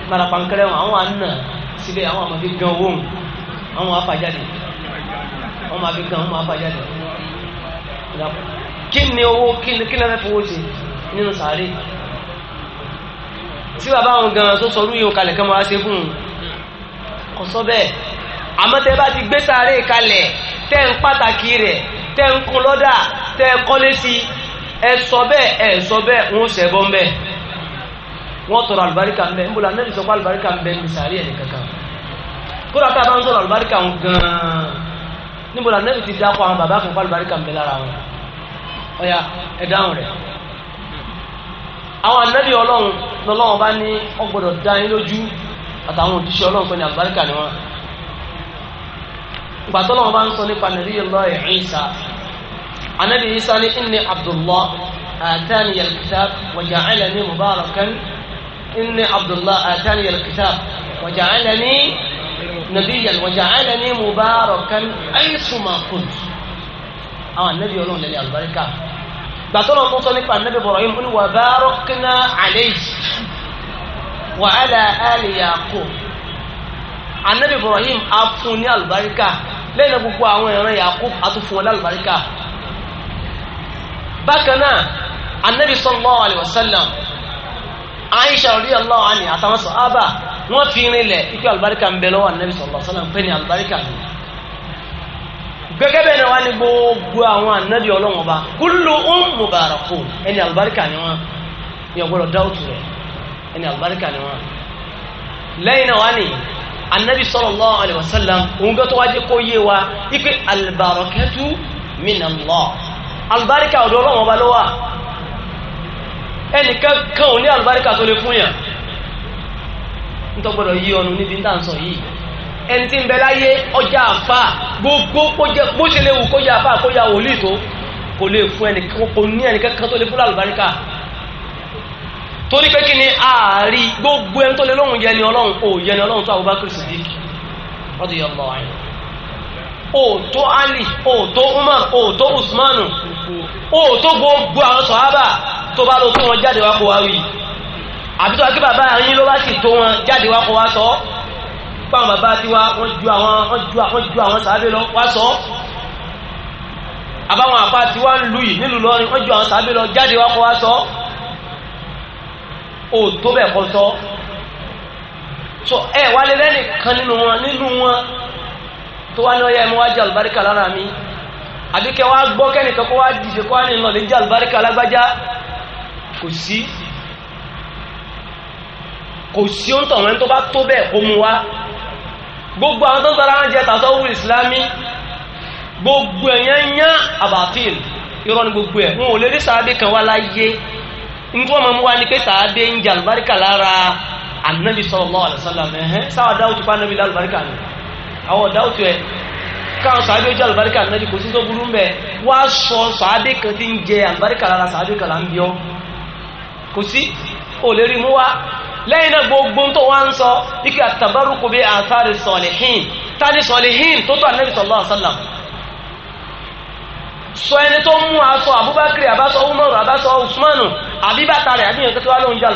mara pankẹ́rẹ́ wọn àwọn wà ń nà síbẹ̀ àwọn àmọ́ fi gan owó àwọn wà fàjáde àwọn àmọ́ fi gan àwọn wà fàjáde kí ni owó kí ni kí ni ẹ fẹ́ fowó sí nínú sàárè tí bàbá wọn gan tó sọ lóyún kalẹ̀ kẹ́ máa ṣe fún un kò sọ bẹ́ẹ̀ àmọ́ tẹ́ bá ti gbé sáré kalẹ̀ tẹ́ ń pàtàkì rẹ̀ tẹ́ ń kún lọ́dà tẹ́ ń kọ́lé sí ẹ sọ bẹ́ẹ̀ ẹ sọ bẹ́ẹ̀ wọ́n ṣẹ̀ bọ́ mbẹ́ wọ́n tọrọ àlùbáríkà mbẹ́ ń bolo anábì sọ pé àlùbáríkà mbẹ́ ń sáré ẹ̀ kankan kódà tá a bá ń sọ̀rọ̀ àlùbáríkà ń gan níbo la anábì ti dákọ̀ àwọn bàbá kan fún àlùbáríkà mbẹ́ lára wọn ọ̀ya ẹ̀ dáhùn rẹ̀ àwọn anábì ọlọ́run lọ́lọ́run bá ní ọgbọ́dọ̀ dá yín lójú àtàwọn òjíṣẹ́ ọlọ́run pé ní àbáríkà ni wọ́n. ìgbà tó lọ́wọ́ bá ń sọ nípa nàbí ọlọ́ Ìsá anábì Ìsá ní inni Abdullah àtàní al-kitab wa ja'alani mubarakan inni Abdullah àtàní al-kitab wa ja'alani nabiyyan wa ja'alani mubarakan aysuma àwọn anábì ọlọ́run lẹ́ni àbáríkà gbàtọ́nà tó sọ nípa Nabi Ibrahim ó ní wa barakna alayhi wa ala ali Yaqub anabi ibrahim a fún ní alùbáríkà lẹ́yìn gbogbo àwọn ìran yakub a tún fún wọn lálùbáríkà bákan náà anabi sallallahu alaihi wasallam aisha radiyallahu anha àtàwọn wọ́n fi rinlẹ̀ ipe alùbáríkà ń bẹ lọ́wọ́ anabi sallallahu gẹ́gẹ́ bẹ́ẹ̀ náà wá ní gbogbo àwọn ànábì ọlọ́wọ́n bá kúlò ń umm mùbàràkù ẹni àlùbáríkà ni wọ́n ní ọgbọ́dọ̀ dáwùtù rẹ̀ ẹni àlùbáríkà ni wọ́n. lẹ́yìn náà wá ní ànábì sallallahu alaihi wasallam òun gbẹ́tọ́ wá jẹ́ kó yé wa ipe àlùbárakẹ́tù minallah àlùbáríkà ọ̀dọ̀ ọlọ́wọ́n bá ló wà ẹnìkan ò ní àlùbáríkà tó le fún yàn nítorí gbọ́dọ̀ yí ọnu ẹni tí ń bẹ láyé ọjà àfà gbogbo bó ṣe lè wù kó yà àfà kó yà wòlíì tó kò lè fún ẹnì kò ní ẹnì kankan tó lè fún àlùbáríkà torí pé kí ni ààrí gbogbo ẹni tó lè lóhùn yẹni ọlọ́run ò yẹni ọlọ́run tó Abubakar Siddiq radiyallahu anhu o tó ali o tó umar o tó usmanu o tó gbogbo àwọn sọ̀hábà tó bá lọ kó wọn jáde wá kó wá wí àbí tó wá kí bàbá yín ló bá sì tó wọn jáde wá kó wá sọ pa àwọn bàbá tiwa wọ́n ju àwọn wọ́n ju àwọn ju àwọn sàábé lọ wá sọ àbáwọn àpá tiwa ń lu yìí nílùú lọrin wọ́n ju àwọn sàábé lọ jáde wá kọ́ wá sọ ò tó bẹ̀ kọ́ sọ so ẹ wálé lẹ́nì kan nínú wọn nínú wọn tó wá ní ọyá ẹmu wá jẹ àlùbáríkà lára mi àbí kẹ wá gbọ́ kẹ́nìkan kó wá dìde kó wá ní ìlànà jẹ àlùbáríkà lágbájá kò sí kò sí ó ń wọn tó bá tó bẹ́ẹ̀ kó mu wá gbogbo àwọn tó ń tara wọn jẹ tàṣọwù ìsìlámì gbogbo ẹ̀yàn yán àbàtìl irọ́ ni gbogbo ẹ̀ wọn ò lè rí sàábé kan wá láyé nítorí wọn máa mú wa ni pé sàábé ń jẹ àlùbáríkà lára ànábì sallallahu alaihi wasallam ẹ̀hẹ́n sáwà dáwùtú fún ànábì lálùbáríkà ni àwọn dáwùtú ẹ̀ káwọn sàábé ó jẹ àlùbáríkà lẹ́yìn náà gbogbo tó wá ń sọ ike àtàbárùkù bí àtàrí sọ̀lìhìn tàbí sọ̀lìhìn tó tó ànábì sallallahu alaihi wasallam sọ ẹni tó mú aṣọ Abubakar abáṣọ Umaru abáṣọ Usmanu àbíbàtà rẹ̀ àbíyàn tó tó wá lóun jẹ́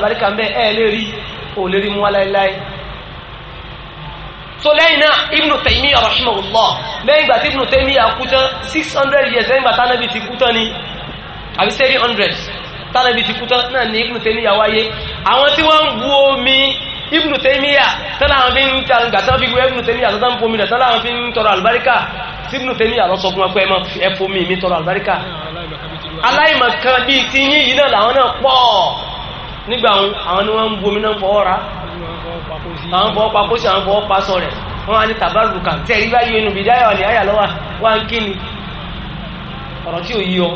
so lẹ́yìn náà ibnu taymiya rahimahullah lẹ́yìn gbàtí ibnu taymiya kú tán six hundred years lẹ́yìn gbàtí anabi ti kú tán ni hundred tánàbí ti kú tán náà ní Ibn Taymiyyah wáyé àwọn tí wọ́n ń bu omi Ibn Taymiyyah tánà àwọn fi ń ta gbà tán fi wẹ́ Ibn Taymiyyah tó tán fomi rẹ̀ tánà àwọn fi ń tọrọ àlùbáríkà tí Ibn Taymiyyah lọ sọ fún wọn pé ẹ fomi mi tọrọ àlùbáríkà aláìmọ̀kan bíi ti yín yìí náà làwọn náà pọ̀ nígbà àwọn ni wọ́n ń bu omi náà fọwọ́ ra àwọn fọwọ́ pa kó sí àwọn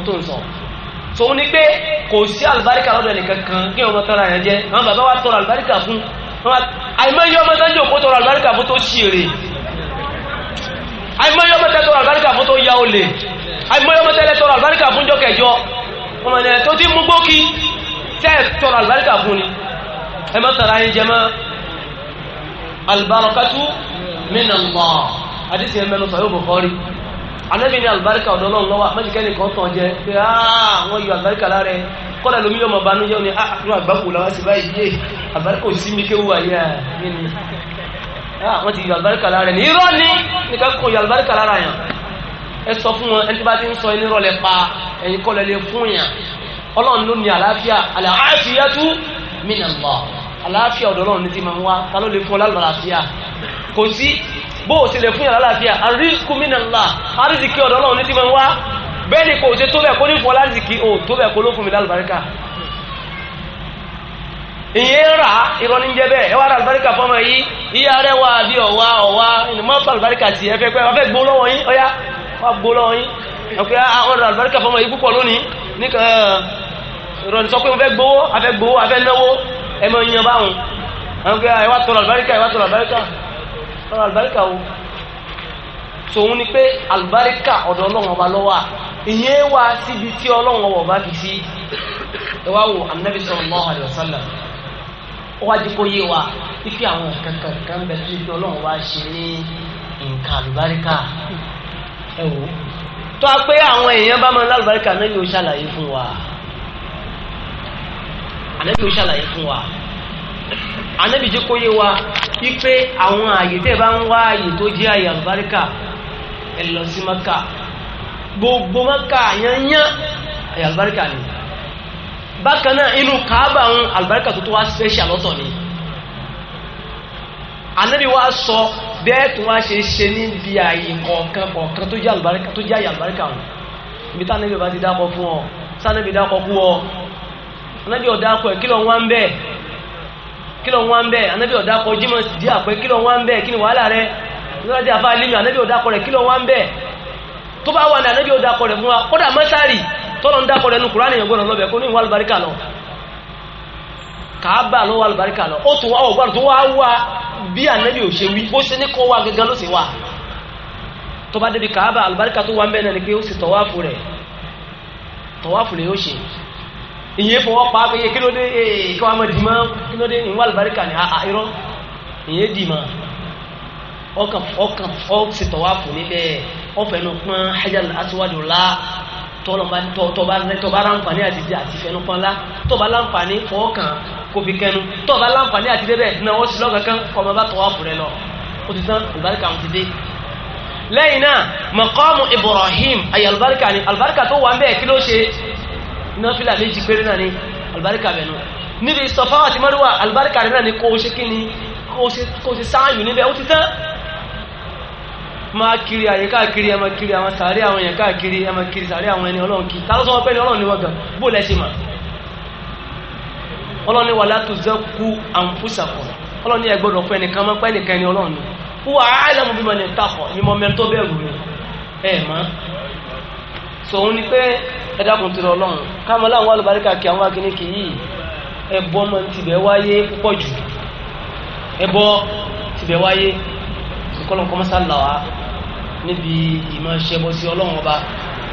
fọwọ́ tó ní pé kò sí àlùbáríkà lọ́dọ̀ ẹnìkan kan kí ọmọ tọ́ra yẹn jẹ́ àwọn bàbá wa tọrọ àlùbáríkà fún àìmọye ọmọ tán jẹ́ òkú tọrọ àlùbáríkà fún tó ṣèrè àìmọye ọmọ tẹ́ tọrọ àlùbáríkà fún tó ya olè àìmọye ọmọ tẹ́lẹ̀ tọrọ àlùbáríkà fún jọkẹjọ ọmọ ẹ̀ tó ti mú gbókí tẹ́ tọrọ àlùbáríkà fún ni ẹ má tọrọ ayé jẹ mọ́ albarakatu min Allah àdìsí ẹ̀ mẹ́nu sọ̀rọ̀ bùkọ́rí anabi ní alibarika ọ̀dọ̀ Ọlọ́run lọ́wọ́ mẹjìkẹni kan tàn jẹ pé àwọn ah, yọ alibarika lára ẹ kọlẹ lomi yọmọ banu yẹ ni ah, àtúnú àgbákò làwọn ti báyìí yé alibarika ò sí mi kéwu ayé ẹ nínú ah, wọn ti yọ alibarika lára ẹ ní irọ́ ni nìkan kò yọ alibarika lára yẹn ẹ sọ fún wọn ẹni tí bá ti ń sọ ẹni rọlẹ pa ẹyin kọlẹ lè fún yàn Ọlọ́run ló ní àlàáfíà àlàáfíàtú min Allah àlàáfíà ọ̀dọ̀ Ọlọ́run ní ti máa ń wá ta ló lè fún ọ lálùbàlàfíà kò sí bó o ṣe lè fún yàrá láàfíà àrísìkú mínàlá àrísìkí ọ̀dọ̀ ọlọ́run ní ti máa wá bẹ́ẹ̀ ni kò ṣe tó bẹ̀ kó ní fọ́ lárísìkí o tó bẹ̀ kó ló fún mi lálùbáríkà ìyẹn rà irọ́ ní jẹ́ bẹ́ẹ̀ ẹ wá ra àlùbáríkà fọmọ yìí ìyá rẹ wà bí ọ̀wá ọ̀wá ìnìmọ́tò àlùbáríkà tì ẹ fẹ́ pẹ́ wọ́n fẹ́ gbó lọ́wọ́ yín ọ̀yá wọ́n gbó lọ́wọ́ yín ọ̀pẹ́ àwọn àlùbáríkà fọmọ yìí púpọ̀ lónìí ní kan ìrọ̀lẹ́ sọ pé wọ́n fẹ́ gbowó afẹ́ gbowó afẹ́ náwó ẹ mọ iyan báwọn àwọn ẹwà tọrọ àlùbáríkà ẹwà tọrọ àlùbáríkà ọ̀rọ̀ àlùbáríkà o tòun ni pé àlùbáríkà ọ̀dọ̀ ọlọ́run ọba lọ́wọ́ ìyẹn wá síbi tí ọlọ́run ọba fi sí ẹ wá wo anabi sallallahu alaihi wasallam ó wá di kó yé wa fífi àwọn nǹkan kankan bẹ tó fi ọlọ́run wá ṣe ní nǹkan àlùbáríkà ẹ wò ó tó a pé àwọn èèyàn bá máa ń lálùbáríkà náà yóò ṣàlàyé fún wa àná yóò ṣàlàyé fún wa anabi jẹ́ kó yé wa ipe àwọn àyè tẹ́ bá ń wá àyè tó jẹ́ àyè àlùbáríkà ẹ lọ sí maka gbogbo maka yanyan àyè àlùbáríkà ni bákan náà inú kaaba ń àlùbáríkà tó tó wá special lọ́tọ̀ ni anabi wa sọ bẹ́ẹ̀ tó wá ṣe ṣe níbi àyè kọ̀ọ̀kan kọ̀ọ̀kan tó jẹ́ àlùbáríkà tó jẹ́ àyè àlùbáríkà wọn ibi tá anabi bá ti dákọ̀ fún ọ sanabi dákọ̀ fún ọ anabi ọ̀ dákọ̀ ẹ̀ kí lọ́n wá ń kí ló ń wá ń bẹ́ẹ̀ anábì ọ̀dà kọ jimoh sì di àpẹ kí ló ń wá ń bẹ́ẹ̀ kí ni wàhálà rẹ nígbà tí àfa alimi anábì ọ̀dà kọ rẹ kí ló ń wá ń bẹ́ẹ̀ tó bá wà ní anábì ọ̀dà kọ rẹ fún wa kódà mọ́sárì tọ́lọ́ ń dà kọ rẹ nu kúránì yẹn gbọ́dọ̀ lọ́bẹ̀ kó ní ìwà alùbáríkà lọ kàábà ló wà alùbáríkà lọ ó tún wá ọ̀gbọ́n tó wá wá bí anábì ò ṣe wí bó ṣe ní kó wá gẹ́gẹ́ ló ṣe wà tó bá débi kàábà alùbáríkà tó wà ń bẹ́ẹ̀ náà ni pé ó sì tọ́wáfù rẹ̀ tọ́wáfù rẹ̀ ìyẹn fọwọ́ pa pé kí ló dé eh, kí wọ́n á máa dì máa kí ló dé ìwọ́n àlùbáríkà ní àà ah, ah, irọ́ ìyẹn dì máa ọkàn ọkàn ọ̀sìtọ̀ wà fún níbẹ̀ ọ̀fẹ́nu pọ́n hajar aswadu la tọ́lọ́ba tọ́ba tọ́ba láǹfààní àti dé àti fẹ́nu pọ́n la tọ́ba láǹfààní fọ́ọ̀kàn kò fi kẹnu tọ́ba láǹfààní àti débẹ̀ náà wọ́n sì lọ́gàn kan kọ́ ọmọ bá tọ́wọ́ fún rẹ lọ lẹ́yìn náà maqamu Ibrahim ayé àlùbáríkà ni àlùbáríkà tó wà ń bẹ́ẹ̀ kí ló ṣe náfìlà méjì péré náà ni àlùbáríkà bẹ̀ nù níbi sọfá àti mọ́rùwà àlùbáríkà rẹ̀ náà ni kò ṣe kí ni kò ṣe sáàyù níbẹ̀ ó ti tán máa kiri àyè káàkiri ẹmọ kiri àwọn sàárẹ̀ àwọn èèyàn káàkiri ẹmọ kiri sàárẹ̀ àwọn ẹni ọlọ́run kì í tàbí sọmọ pẹ́ni ọlọ́run ni wọ́n gan bó lẹ́ṣẹ̀ mà ọlọ́run ni wà látò zẹ́kú àǹfùsàkọ̀ ọlọ́run sòun ni pé ẹ̀dá kun ti rọ ọlọ́run káàmọ́ láwọn alùbáríkà kí àwọn akínníkì yìí ẹ̀bọ ọmọ tìbẹ̀ wáyé púpọ̀ jù ẹ̀bọ tìbẹ̀ wáyé kọ́lọ́n kọ́mọ́sá là wá níbi ìmọ̀ ṣẹbọ sí ọlọ́run ọba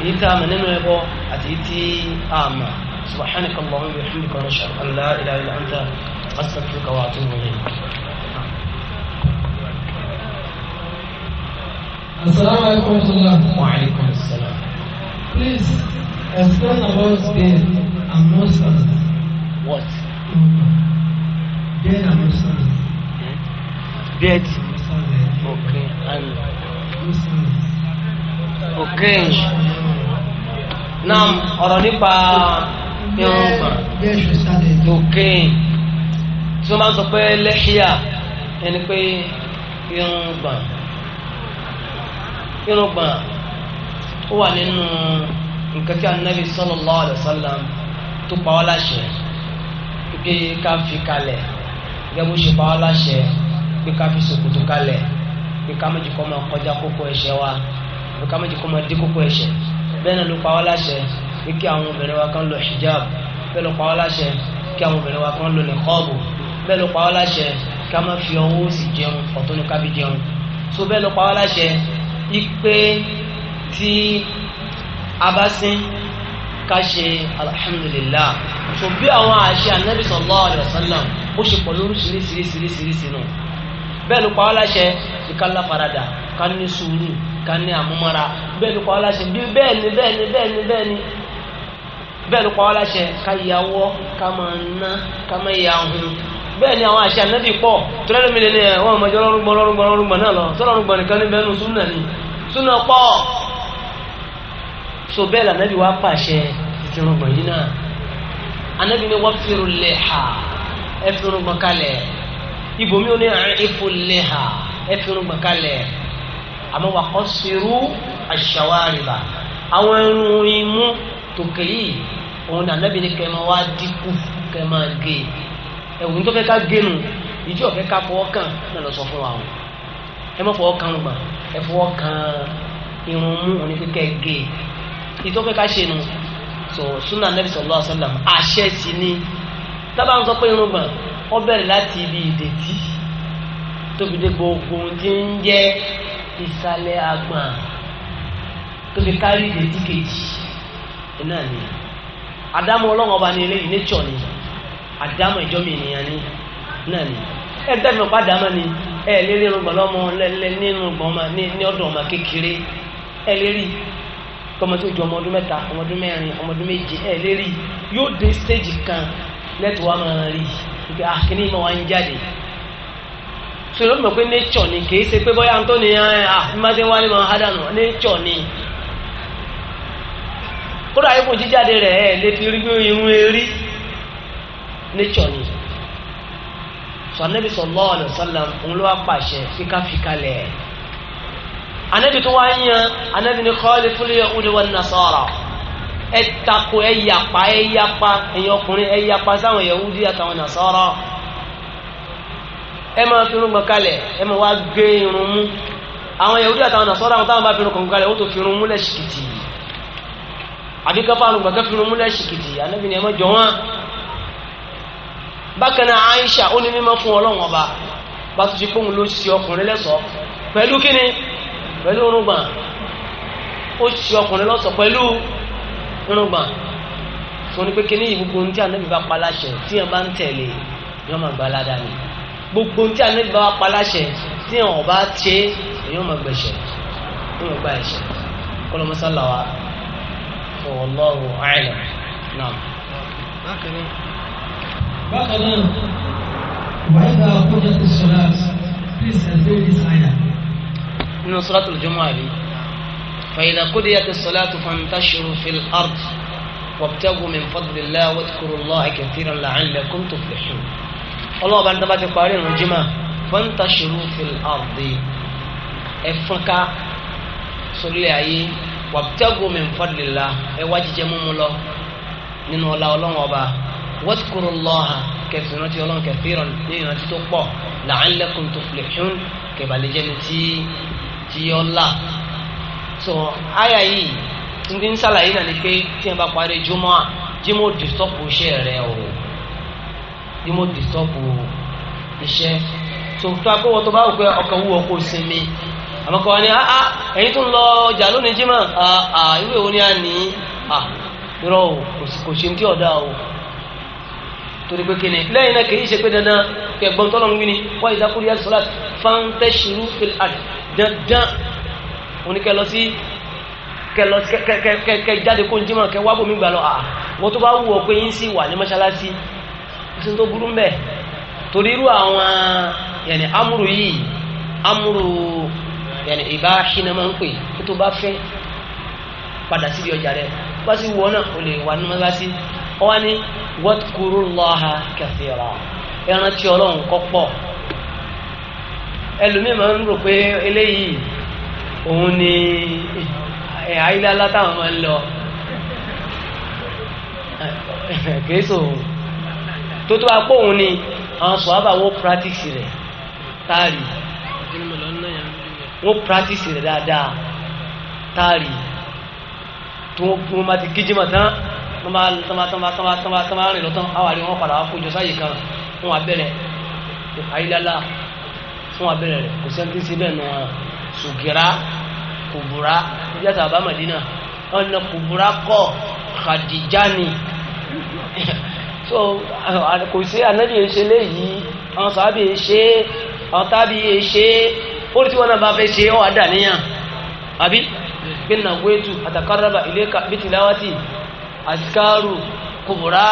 èyí tá a mọ̀ nínú ẹ̀bọ àti èyí tí a mọ̀ subhanaka allahumma wa bihamdika nashhadu an la ilaha illa anta astaghfiruka wa atubu ilayk Assalamu alaikum wa rahmatullah. Please explain about them and Muslims. What? Then and Muslims. Hmm? Dead. Okay. And Muslims. Okay. Now, oronipa nípa irun tí máa sọ pé ó wà nínú nǹkan tí anabi sallallahu alaihi wasallam tó pa wá láṣẹ pé ká fi kalẹ̀ gẹ́gẹ́ bó ṣe pa wá láṣẹ pé ká fi ṣòkòtò kalẹ̀ pé ká méjì kọ́ máa kọjá kókó ẹ̀ṣẹ̀ wa pé ká méjì kọ́ máa dé kókó ẹ̀ṣẹ̀ bẹ́ẹ̀ náà ló pa wá láṣẹ pé kí àwọn obìnrin wa kan lọ hijab bẹ́ẹ̀ ló pa wá láṣẹ kí àwọn obìnrin wa kan lọ niqab bẹ́ẹ̀ ló pa wá láṣẹ ká má fi ọwọ́ sí jẹun ọ̀tún ní ká so bẹ́ẹ̀ ló pa wá láṣẹ ipe tí a bá sín ká ṣe alhamdulillah so bí àwọn àṣẹ anabi sallallahu alayhi wa sallam ó ṣe pọ̀ lóríṣiríṣiríṣiríṣi nù bẹ́ẹ̀ ló pa wá láṣẹ ìkálá farada ká ní sùúrù ká ní àmúmára bẹ́ẹ̀ ló pa wá láṣẹ bí bẹ́ẹ̀ ni bẹ́ẹ̀ ni bẹ́ẹ̀ ni bẹ́ẹ̀ ni bẹ́ẹ̀ ló pa wá láṣẹ ká yàwọ́ ká máa ná ká máa yà hun bẹ́ẹ̀ ni àwọn àṣẹ anabi pọ̀ tọ́lẹ́lẹ́ mi lè ní ẹ̀ wọ́n mọ̀jọ́ lọ́rùngbọ̀n lọ́rùngbọ̀n lọ́rùngbọ̀n náà lọ sọ́lọ́rùngbọ̀n nìkan níbẹ̀ nù súnà ni súnà pọ̀ so bẹ́ẹ̀ lànàbí wa pàṣẹ ìfirungbọ̀n yìí náà anabi ni wọ́n fìrù lẹ́hà ẹ fìrungbọ̀n kalẹ̀ ibòmí ó ní ẹ̀fọ́ lẹ́hà ẹ fìrungbọ̀n kalẹ̀ àmọ́ wà kọ́ sírú àṣàwárìbà àwọn irun imú tòkè yìí òun ni anabi ni kẹ́ẹ̀ máa wá dínkù kẹ́ẹ̀ máa gé ẹ̀wùn tó fẹ́ ká gé nu ìdí ọ̀fẹ́ ká fọwọ́ kàn náà lọ sọ fún wa o ẹ má fọwọ́ kàn gbà ẹ fọwọ́ kàn irun mú òun ni pé gé ìtọ́fẹ́ ká ṣe nu sọ sunna nabi ni tábà ń sọ pé irùngbọ̀n ó bẹ̀rẹ̀ láti ibi ìdẹ̀tí tó dé gbogbo tí ń jẹ́ ìsàlẹ̀ àgbọ̀n tó kárí ìdẹ̀tí kejì náà ni àdámọ̀ ọba ni àdámọ̀ ìjọ́mi ènìyàn ni náà ni ẹ dẹ́nu ni ẹ lé nínú gbọ̀n lọ́mọ lẹ́lẹ́ gbọ̀n ní ọ̀dọ̀ kékeré kọ́mọ tí ju ọmọ ọdún mẹta ọmọ ọdún mẹ́rin ọmọ ọdún méje ẹ̀ lérí yóò dé stage kan rí ibi ah, ń jáde so ló pé nature ni kì í ṣe pé bóyá tó ní àmọ́tí ah, ah, wá ní máa hádànù nature ni kódà jíjáde lè fi ni anabi tó wá ń yan anabi ní khaliful yahudi wan nasara ẹ tako ẹ yapa ẹ yapa ẹ̀yin ọkùnrin ẹ yapa sáwọn yahudi àtàwọn nasara ẹ máa fi irun gbọ̀n kalẹ̀ ẹ máa wá gé irun mú àwọn yahudi àtàwọn nasara àwọn táwọn bá fi irun kọ̀ọ̀kan kalẹ̀ ó tó fi irun múlẹ̀ ṣìkìtì àbí káfá àrùn gbàgbé fi irun múlẹ̀ ṣìkìtì anabi ní ẹ má jọ wọn. bákan náà Aisha ó ní mímọ́ fún ọlọ́wọ́n ọba bá tó ṣe kóhun ló ṣe pẹ̀lú irùngbọ̀n ó ṣe ọkùnrin lọ́sọ̀ pẹ̀lú irùngbọ̀n tó ní pé kíní yìí gbogbo ohun tí ànábì bá paláṣẹ tí yẹn bá ń tẹ̀lé yọ́n máa gba aládàá ni gbogbo ohun tí ànábì bá paláṣẹ tí yẹn ò bá ṣe yọ́n máa gbẹ̀ṣẹ̀ yọ́n máa gba ẹ̀ṣẹ̀ kọ́lọ́mọ́sálà wa wallahu a'lam náà. bákan náà bákan náà wàhálà kọjá ti sọ̀rọ̀ please ẹ̀ nínú suratul jumu'ah àbí fa idha qudiyatis salatu fantashiru fil ard wabtagu min fadlillahi wadhkurullaha kathiran la'allakum tuflihun ọlọ́ọ̀bá ní tábà ti parí ìrun jimá fantashiru fil ardi ẹ̀fọ́nká sórílẹ̀ ayé wabtagu min fadlillah ẹ̀ wá jíjẹ múmu lọ nínú ọlá ọlọ́wọ́n ọba wadhkurullaha kẹsàn-án rántí ọlọ́run kathiran ní ìrántí tó pọ̀ la'allakum tuflihun kẹbàlẹ́jẹ́ni tí tí ó so àyà yìí ndí ń sàlàyé náà ni pé tí wọn bá parí jùmọ̀ à jùmọ̀ dìstọ́pù iṣẹ́ rẹ o jùmọ̀ dìstọ́pù iṣẹ́ so tó a pé wọ́n tó bá wù pé ọkàn wúwo kó sinmi àmọ́ kọ́ ni ah ah ẹ̀yin tó ń lọ ọjà lónìí jimá ah ah irú èwo ni a ní ah irọ́ o kò ṣe ní tí ọ̀dà o torí pé kíni lẹ́yìn náà kì í ṣe pé dandan kẹgbọ́n tọ́lọ́ ń gbin ni wọ́n ìdá kúrò yàtọ̀ sọ́lá fáńtẹ́sìrú fìlà dandan oníkẹ́ lọ sí kẹlọ kẹ jáde kó ń jímọ̀ kẹ wábò mi gbà lọ àà wọ́n tó bá wù ọ pé yín sì wà ní mọ́ṣáláṣí ṣe tó burú mbẹ́ torí irú àwọn yẹnì amúrù yìí amúrù yẹnì ìbá ṣínà máa ń pè kí tó bá fẹ́ padà síbi ọjà rẹ bá sì wù náà o lè wà ní mọ́ṣáláṣí ọ wá ní wadhkurullaha kathira ẹran tí ọlọ́run kọ́ pọ̀ ẹlòmíì máa ń rò pé eléyìí òun ni ẹ̀hà ilé alátàwọn máa ń lọ kìí sòun tó tó apó òun ni àwọn sọ̀hábà wọ́n practice rẹ̀ táàrí wọ́n practice rẹ̀ dáadáa táàrí tó wọ́n bá ti kíjì mọ̀ tán. tó máa tó máa tó máa tó máa tó máa tó máa rìn lọ́tọ́ àwọn àrí wọn padà wá fojú sáyè kan fún abẹ́rẹ́ ayílálá fún abẹ́rẹ́ rẹ̀ kò sẹ́ńtì síbẹ̀ nù wọn sùgìrá kùbùrá yàtọ̀ àbámadínà ọ̀nà kùbùrá kọ̀ kàdìjáni so kò sí anabi ṣe léyìí àwọn sábì ṣe àwọn tábì ṣe ó ti wọn náà bá fẹ́ ṣe ọ́ àdàníyàn àbí gbẹ̀nàgbẹ́tù àtàkárọ̀bà ilé bìtìláwátì àtikáàrù kòbùrá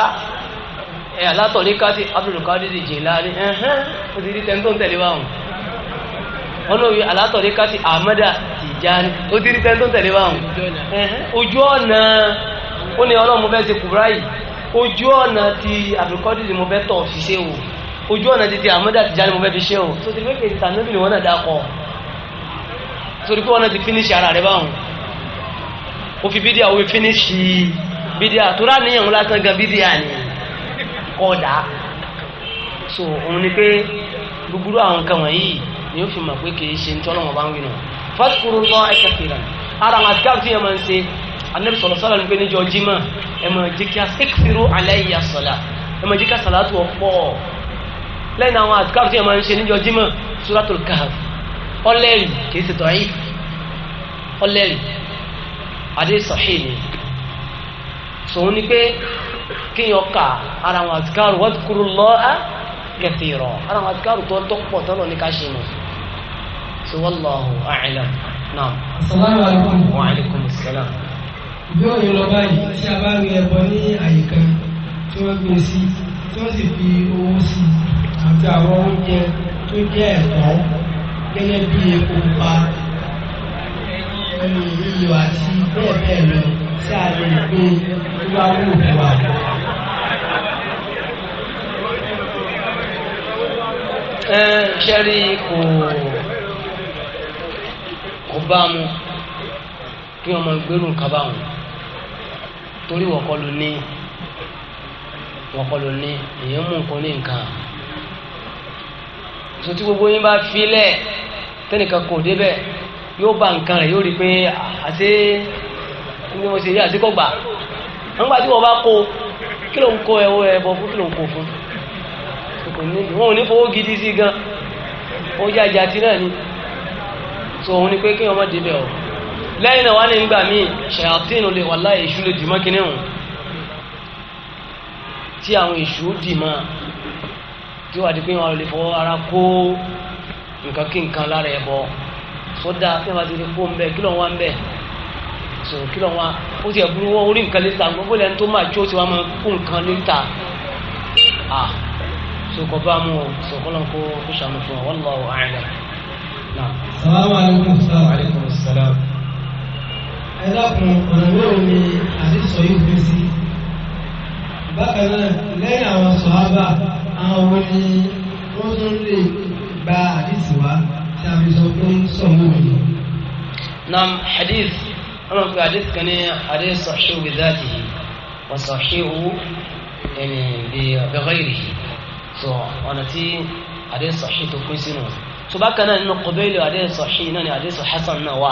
ẹ̀ eh, alátọ̀lé káàdì abdulkadir jìláàrí ẹ̀hẹ́n ó ti rí tẹ́ńtọ́ ń tẹ̀lé báwọn wọn lóye alátọ̀lé káàdì ahmada tìjáni ó ti rí tẹ́ńtọ́ ń tẹ̀lé báwọn ojú ọ̀nà ó ní ọlọ́run fẹ́ ṣe kòbùrá yìí ojú ọ̀nà ti abdulkadir mo fẹ́ tọ̀ fi ṣe o ojú ọ̀nà ti ti ahmada tìjáni mo fẹ́ fi ṣe o tó ti rí pé tànúbì ni wọ́n náà dákọ̀ torí pé wọ́n náà ti finish ara rẹ̀ báwọn ó fi bídíà ó fi finish yìí bídíà tó rà níyàn lásán gan bídíà ni kọ́dà so òun ni pé gbogbo àwọn nǹkan wọ̀nyí ni ó fi mọ̀ pé kì í ṣe nítorí wọn bá ń wínà fásitì lọ ẹ̀ka fìlà ara àwọn àti káàtì yẹn máa ń ṣe anabi sọlọ sọlọ ní pé níjọ jimá ẹ máa jẹ kí a sèkìrò alẹ́ yìí àsọlá ẹ máa jẹ kí a sàlátù ọ̀pọ̀ lẹ́yìn àwọn àti káàtì yẹn máa ń ṣe níjọ suratul kahf ọlẹ́rì kì í ṣe tọ́ yìí ọlẹ́rì adé sọ̀hìn ni sòun ni pé kéèyàn kà ara àwọn àtikáàrù wadhkurullaha kathira ara àwọn àtikáàrù tó tó pọ̀ tọ́lọ̀ ní ká ṣe nù so wallahu a'lam náà. assalamu alaikum. wa alaikum assalam. ìbéèrè lọ báyìí tí a bá rí ẹbọ ní àyíká tí wọ́n gbé sí tí wọ́n sì fi owó sí àti àwọn oúnjẹ tó jẹ́ ẹ̀kọ́ gẹ́gẹ́ bí epo pa ẹni iyọ̀ àti bẹ́ẹ̀ bẹ́ẹ̀ lọ tá a lè tó tó bá wù fún wa. ẹ ṣẹ́rí kò kò bá mu kí wọ́n máa gbérù nǹkan bá wọn torí wọ́n kọ́ ló ní wọ́n kọ́ ló ní èèyàn mú nǹkan ní nǹkan sotí gbogbo yín bá filẹ̀ tẹ́nìkan kò débẹ̀ yóò ba nǹkan rẹ̀ yóò rí pé àti ní mo ṣe rí àti kò gbà nígbà tí wọ́n bá kó kí ló ń kó ẹwọ́ ẹbọ fún kí ló ń kó fún wọn ò ní fowó gidi sí gan ó jẹ́ àjà tí náà ni so òun ni pé kí wọ́n má débẹ̀ ọ́ lẹ́yìn náà wà ní ìgbà míì ṣàyàtìn olè wà láì èṣù lè dìmọ́ kíní hùn tí àwọn èṣù dìmọ́ tí wàá di pé wọn lè fọwọ́ ara kó nǹkan kí nǹkan lára ẹ̀ bọ́ sódà kí wọ́n bá ti di kó ń bẹ́ kí ló ń wá ń bẹ́ so kí ló wá ó ti ẹ̀bùrú wọn orí nǹkan lítà gbogbo lẹ́nu tó máa jó tí wọ́n máa kó nǹkan lítà ah so bá mu o so kọ́ kó kó sàmù fún wa wallahu a'lam. salaamu alaykum salaamu alaykum salaam. ẹ dákun ọ̀nà mẹ́rin ni àdìsọ yìí fi sí. bákan náà lẹ́yìn àwọn sọ̀hábà àwọn wo ni wọ́n tún lè gba àdìsí wa tí sọ fún sọ̀mù mi. nam hadith ọlọ́run pé adé kan ní adé sọ̀ṣẹ́ òwe dáàtì yìí wọ́n sọ̀ṣẹ́ òwò ẹni bí ọ̀bẹ̀rẹ̀ ìrì tó ọ̀nà tí adé sọ̀ṣẹ́ tó pín sínú tó bá kan náà nínú kọ̀bẹ́lì adé sọ̀ṣẹ́ náà ni adé sọ̀ hasan náà wà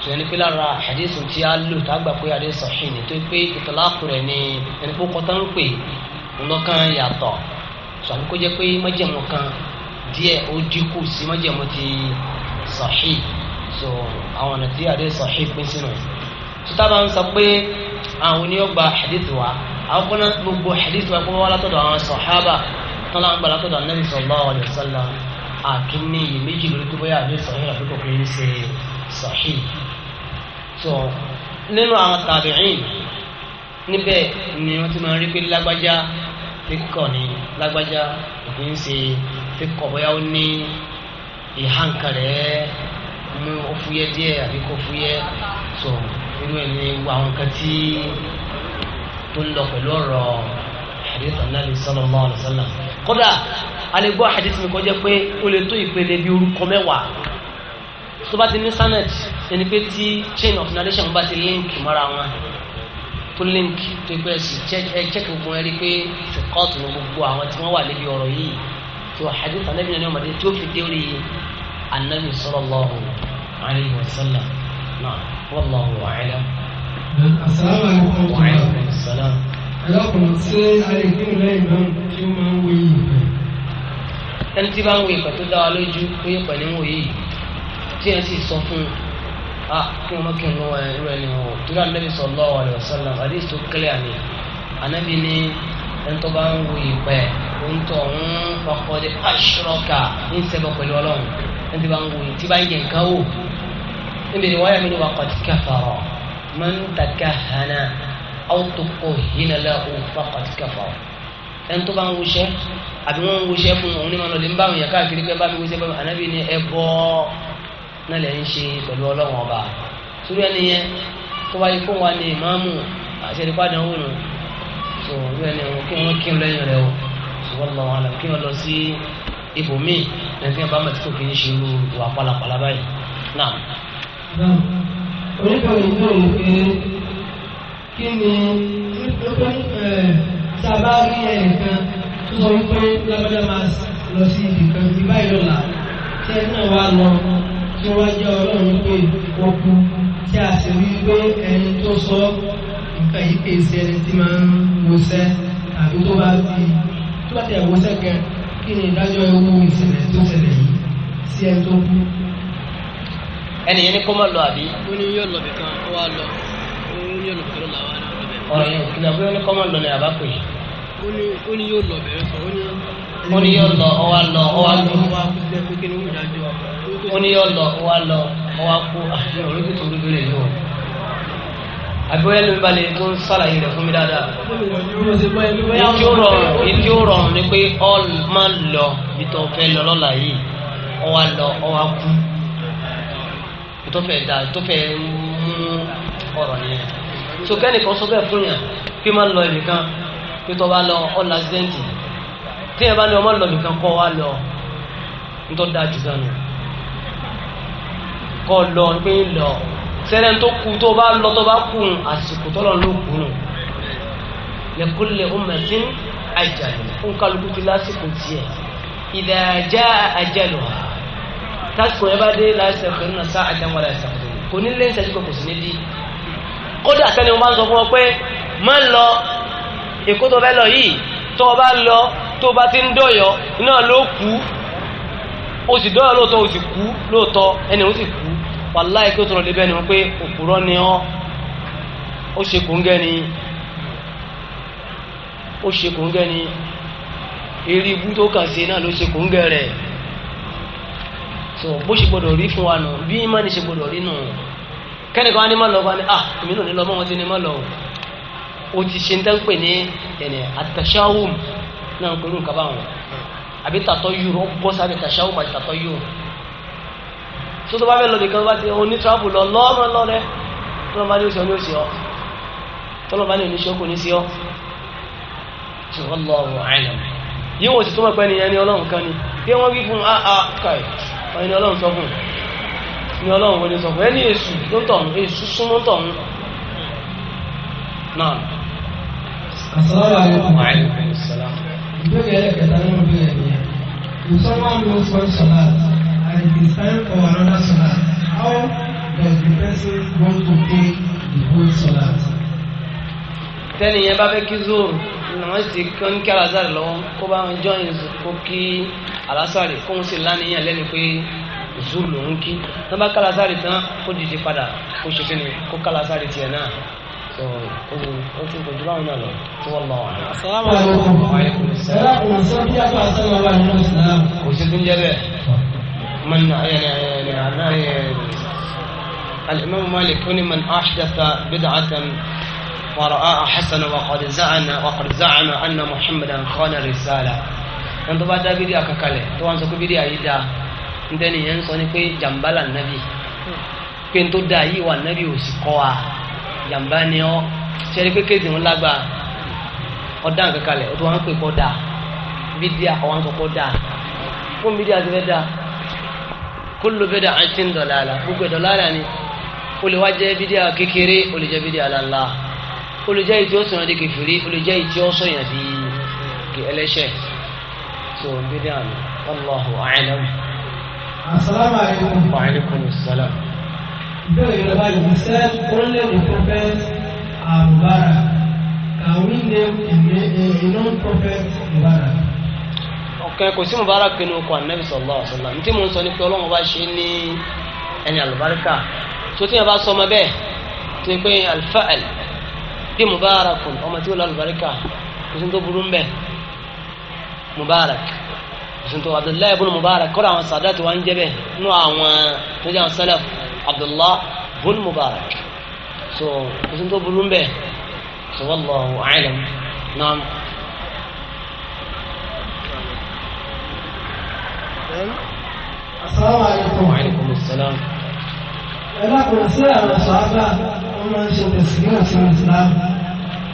tó yẹn ní pé lára àdéṣù tí a lò tá a gbà pé adé sọ̀ṣẹ́ ni tó pé ìtọ́láàkù rẹ̀ ni ẹni pé kọ́tà ń pè ńlọ́kàn yàtọ̀ sọ̀rọ̀ kó jẹ́ pé májẹ̀mú kan díẹ̀ ó dínkù sí májẹ̀mú ti sọ̀ṣẹ́ so àwọn ọ̀nà tí adé sahih pín sínú tó tábà ń sọ pé àwọn oníyọ̀gbà hadith wa àwọn kọ́nà gbogbo hadith wa kọ́nà wà látọ̀dọ̀ àwọn sahaba tọ́lá ń gbà látọ̀dọ̀ anabi sallallahu alaihi wasallam àkíní yìí méjì lórí tó bóyá adé sahih àbí kò kìí ṣe sahih so nínú àwọn tabi'in níbẹ̀ ni wọ́n ti máa rí pé lágbájá fíkọ̀ ni lágbájá òfin ṣe fíkọ̀ bóyá ó ní ìhànkà mú ọfúyẹ́ díẹ̀ àbí kó fúyẹ́ sọ irú ẹni wo àwọn nǹkan tí tó hadith annabi sallallahu alaihi wasallam kódà alẹ́gbọ́ hadith mi kọjá pé ó lè tó ìpele bí orúkọ mẹ́wàá tó ti ní sanad ẹni pé tí chain of narration bá ti link mọ́ra wọn tó link tó pẹ́ sí ẹ check gbogbo ẹ pé ṣùkọ́ọ̀tù ní gbogbo àwọn tí wọ́n wà níbi ọ̀rọ̀ yìí tó hadith annabi ní ọmọdé tó fi dé orí النبي صلى الله عليه وسلم نعم والله أعلم السلام عليكم وعليكم السلام ẹlọ́kùnrin ṣé alẹ́kùnrin lẹ́yìn náà kí ó máa ń wo yìí pẹ̀. ẹni tí bá ń wo ìpẹ́ tó dá wa lójú pé ìpẹ́ ni wò yìí tí ẹ sì sọ fún a kí wọn kí n lọ irú ẹni o tó dá Ànábì sallallahu alaihi wasallam àdéhùn tó kílẹ̀ àmì ànábì ni ẹni tó bá ń wo ìpẹ́ ń tọ̀ ń pàkọ́dé ashraka ń ṣẹbọ pẹ̀lú ọlọ́run níbi bá ń wòye tí bá ń yẹ nǹkan wò níbi ni wọ́n yà mí ni wà kọ́ ti kẹfàrọ̀ mọ́ ń tàkà hànà àwòtòkò yìnyínlẹ̀ òun fà ti kẹfàrọ̀ ẹni tó bá ń wuṣẹ́ àbí wọ́n ń wuṣẹ́ fún òun ní ma lọ lè ń bá àwọn èèyàn káàkiri pé bá mi wuṣẹ́ bá mi ni ẹ bọ́ náà lẹ́ ṣe pẹ̀lú ọlọ́wọ́n ọba sórí ẹni yẹn tó wáyé kó wa ní ìmáàmù àti ẹni padà ibòmíì lẹ́yìn tí wọ́n bá mọ̀ tí kò kí ń ṣe irú ìwà pálapàla báyìí náà. oníkàwé tó ń pe kí ni wípé tá a bá rí ẹnìkan tó sọ wípé lábẹ́lẹ́ máa lọ sí ibìkan ní báyìí lọ́la tí ẹni náà wá lọ tí wọ́n jẹ́ ọlọ́run wípé wọ́n kú tí a sì rí wípé ẹni tó sọ nǹkan yìí pèsè ẹni tí máa ń wọṣẹ́ tàbí tó bá ti tó bá ti ẹ̀wọ̀ṣẹ́ gan-an kí ni ìdájọ́ ewu ìṣẹ̀lẹ̀ tó ṣẹlẹ̀ yìí sí ẹni tó kú. ẹnì yẹn ní kó má lọ àbí. ó ní yóò lọ bìkan ó wá lọ ó ní yóò lọ bìkan làwọn ará lọ bẹ. ọ̀rọ̀ yẹn òkìlà bóyá ó ní kó má lọ ní àbá pè. ó ní ó ní yóò lọ bẹ̀rẹ̀ sọ ó ní. ó ní yóò lọ ó wá lọ ó wá lọ. ó ní yóò lọ ó wá lọ ó wá kú àti òrùkùtù olúbẹ̀rẹ̀ yìí àbíwáyé ló ń balẹ̀ tó ń sàlàyé rẹ̀ fún mi dáadáa. ìdí ó rọrùn ìdí ó rọrùn ni pé ọ máa lọ ìtọ̀ fẹ́ lọ lọ́la yìí ọ wa lọ ọ wa kú ìtọ̀ fẹ́ da ìtọ̀ fẹ́ mú ọ̀rọ̀ yẹn. so kẹ́nìkan sọ bẹ́ẹ̀ fún yàn pé máa lọ ibìkan pé tọ́ bá lọ ọ la zẹ́ǹtì tí yẹn bá ní ọmọ lọ ibìkan kọ́ wa lọ nítorí dáa jù gan nù kọ́ lọ pé ń lọ sẹ́lẹ̀ tó kú tó bá lọ tó bá kú àsìkò tọ́lọ̀ ló kú nù lẹ́kọ́lẹ̀ ọmọdé àjàlù fún kálukú ti lásìkò tiẹ̀ ìdájá àjàlù ha tásìkò yẹn bá dé láìsẹ̀ pé nínú sáà àjàmọ́ láìsẹ̀ pé kò ní lé ìṣẹ́jú kò sí ní bí kódà sẹ́ni wọn bá ń sọ fún ọ pé má lọ èkó tó fẹ́ lọ yìí tó o bá lọ tó o bá ti ń dọ̀yọ̀ náà ló kú o sì dọ̀yọ̀ lóòótọ́ o sì kú lóòótọ́ ẹni sì kú wàláì kí ó tọrọ lébẹ́ ni pé òpùrọ́ ni ọ́ ó ṣe kóńgẹ́ ni ó ṣe kóńgẹ́ ni eré ibú tó kàn sí náà ló ṣe kóńgẹ́ rẹ̀ bó ṣe gbọdọ̀ rí fún wa nù bí imáni ṣe gbọdọ̀ rí nù kẹ́nìkan á ní má lọ wá ní ah èmi náà ní lọ o ti ṣe ń tẹ́ ń pè ní ẹ̀nẹ̀ àtàṣáwùm náà ń pẹ̀lú nǹkan báwọn àbí tàtọ́ tàṣáwùm àti tó tó bá fẹ́ lọ nìkan tó bá ti oní tíráàbù lọ lọ́rọ̀ lọ́rẹ́ tọ́lọ́ bá ní oṣù oní oṣù ọ tọ́lọ́ bá ní oníṣẹ́ kò ní sí ọ ṣùgbọ́n lọ́wọ́ àìlọ́ yìí wọ́n sì tó mọ̀ pé nìyẹn ọlọ́run kan ni bí wọ́n wí fún aa ah, ah, kai ọ̀yìn ní ọlọ́run sọ fún ní ọlọ́run wọlé sọ fún ẹni èṣù tó ń tọ̀hún èṣù súnmọ́ tọ̀hún náà. asalaamualeykum wa rahmatulah. ìgbésẹ̀ ẹ̀kẹta nínú bí ẹ̀yẹ ìsọ́nà ló fọ́ at the time another salah, how does the person want to pay the whole salah? tẹ́ni yẹn bá fẹ́ kí zoro nàá sì kán kí alásàrè lọ́wọ́ kó bá wọn jọyìn kó kí alásàrè kó wọn sì lánìyàn lẹ́nu pé zoro ló ń kí wọn bá kálásàrè tán kó dìde padà kó ṣe kí ni kó kálásàrè tiẹ̀ náà so ó ti kojú báwọn náà lọ tí wọ́n lọ wà. asalaamualeykum. ṣẹlá kò sọ bí a bá a sọ ma bá a nínú ìsìlámù. kò sí tó ń jẹ bẹ́ẹ̀. من يعني يعني الإمام مالك هنا من أحدث بدعة ورآها حسن وقد زعم وقد زعم أن محمدا خان الرسالة ẹni tó bá dá bídíà kankalẹ̀ tó wá ń sọ pé bídíà yìí dáa níta ni yẹn ń sọ ni pé jàmbá là nàbì pé n tó dáa yìí wà nàbì ò sì kọ́ wa jàmbá ni ọ́ sẹ́ni pé kéde ń lágbà ọ̀dà kankalẹ̀ ó tó wá ń pè kọ́ dáa bídíà ọ̀ wá ń sọ kọ́ dáa fún bídíà ti fẹ́ dáa kullu bid'atin dalalah gbogbo dalalah ni ó lè wá jẹ́ bídíà kékeré ó lè jẹ́ bídíà lálá ó lè jẹ́ ìdí ọ̀sán di kẹfìrí ó lè jẹ́ ìdí ọ̀sán yẹn di ẹlẹ́ṣẹ̀ tó bídíà ni wallahu a'lam. asalaamualeykum. wa aleykum salaam. ìbéèrè yorùbá yìí ṣe only the prophet Abu Bakr can we name a non-prophet Mubarak ọ̀kẹ́ kò sí mubarak nínú ọkọ̀ anabi sallallahu alaihi wasallam ntí mo ń sọ ní pé ọlọ́run bá ṣe ní ẹni àlùbáríkà tó tí yẹn bá sọ ọmọ bẹ́ẹ̀ tó yẹ pé alfa'al bí mubarakun ọmọ tí ó lọ àlùbáríkà kò sí tó burú ń bẹ̀ mubarak kò sí tó abdullahi ibn mubarak kọ́ra àwọn sàdá tí wọ́n ń jẹ́ bẹ́ẹ̀ nú àwọn tó jẹ́ àwọn salaf abdullahi ibn mubarak so kò sí tó burú ń bẹ̀ so wallahu a'lam naam. السلام عليكم وعليكم السلام انا كنا سلام صحابه وما نشوف تسكينه سلام سلام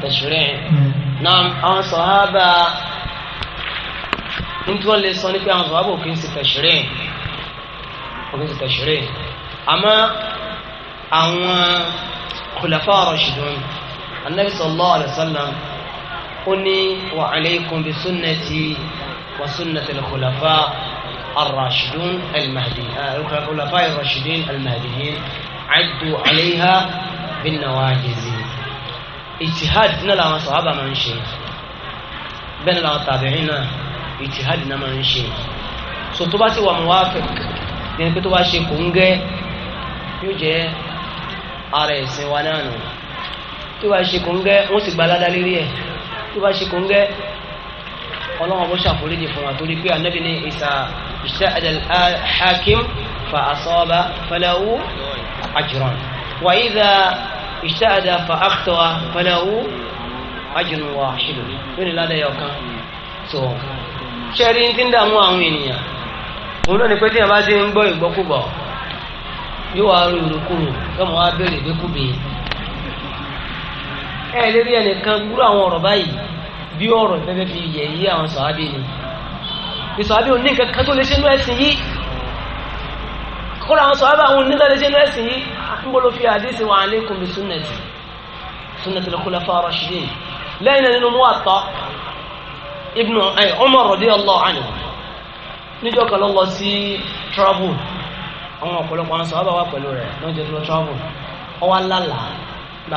تشريع نعم اه صحابه انت اللي صاني في صحابه وكين ستشريع وكين ستشريع اما اما خلفاء راشدون النبي صلى الله عليه وسلم قني وعليكم بسنتي وسنة الخلفاء الراشدون المهديين الخلفاء الراشدين المهديين عدوا عليها بالنواجذ اجتهاد نلا وصحابة ما نشي بين التابعين اجتهاد ما نشي so tó bá sì wà muwafiq ní pé tó bá ṣe kò ń gẹ́ yóò jẹ́ ara ẹ̀sìn wa náà nù tó bá ṣe kò ń gẹ́ wọ́n sì gba aládá lérí ẹ̀ tó bá ṣe kò ń gẹ́ ọlọ́wọ́n bó ṣàforíjì fún wa torí pé anábì ní ìsà اجتهد الحاكم فأصاب فله أجر وإذا اجتهد فأخطأ فله أجر واحد من لا دا يوكا so ṣẹ́rí ti ń dààmú àwọn ènìyàn òun ló ní pé téèyàn bá ti ń gbọ́ ìgbọ́kúgbọ̀ yóò wá rí ìrúkúrò tọ́mọ wá béèrè ìgbékúbe ẹ lè rí ẹnìkan gbúrú àwọn ọ̀rọ̀ báyìí bí ọ̀rọ̀ ìfẹ́fẹ́ fi yẹ̀ yí àwọn sàádé ni ìsọ̀hábí òní nǹkan kan tó lè ṣe inú ẹ̀sìn yìí kọ́ra àwọn sọ̀hábí àwọn onílẹ̀ lè ṣe inú ẹ̀sìn yìí ń ah, bọ́ ló fi àdísì wa alaykum bi sunnati sunnatil khulafa rashidin lẹ́yìn náà nínú Muwatta ibn eh, Umar radiyallahu anhu níjọ́ kan ló lọ sí travel àwọn ọ̀pọ̀lọpọ̀ àwọn sọ̀hábà wà pẹ̀lú rẹ̀ lọ́jọ́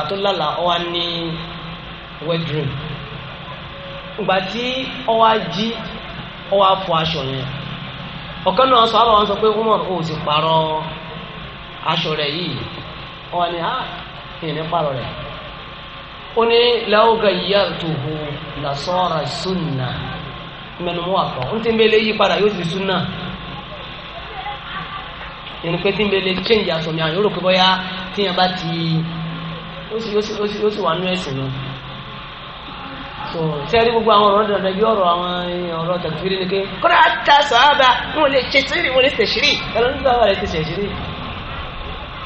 tó lọ jí Ọ wá fọ aṣọ yẹn ọ̀kan náà sọ àbáwọn sọ pé Umar ó ti aṣọ rẹ yìí ó ni a á ìní parọ́ rẹ̀ ó ní láwùgà yíyá tòhu làṣọ́ra sunna mẹnumú àpọ̀ ń tí ń bẹ́ẹ̀ lé yí padà yóò ti sunna ìrìn pé tí ń bẹ́ẹ̀ lé change pé bá ti ó sì wà nú náà. tó sẹ́rí gbogbo àwọn ọ̀rọ̀ dandan yóò ọ̀rọ̀ àwọn ọ̀rọ̀ tàbífìrí ni ké kọ́dà ta sọ́ọ́bà wọn lè ṣe sírì wọn lè ṣe ṣírì ẹ̀rọ nígbà wà lè ṣe ṣírì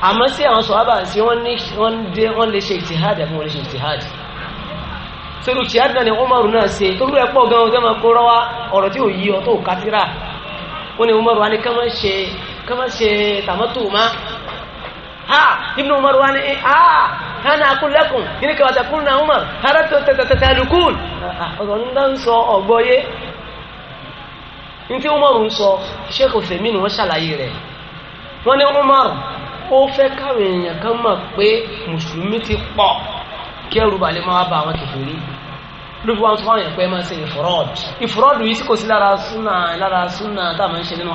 àmọ́ sí àwọn sọ́ọ́bà sí wọ́n ní wọ́n dé wọ́n lè ṣe ìtìhádì àbí wọ́n lè ṣe ìtìhádì sẹ́rù ìtìhádì náà ni Umaru náà ṣe tó rẹ̀ pọ̀ gan ọ̀gá máa kó rọ́wá ọ̀rọ̀ tí ò yí ọ tó ha ibnu umar wa ni ah eh, ana akul lakum kini ka wata kunna umar haratu tatalukun ọ̀rọ̀ ń dá ń sọ ọ̀gbọ́yé ní tí umar fẹ́ káwọn èèyàn kan mọ̀ pé mùsùlùmí ti pọ̀ kí ẹrù balẹ̀ máa bá àwọn kèfèrí lóbi wọn tó fáwọn èèyàn pé máa ṣe yìí kò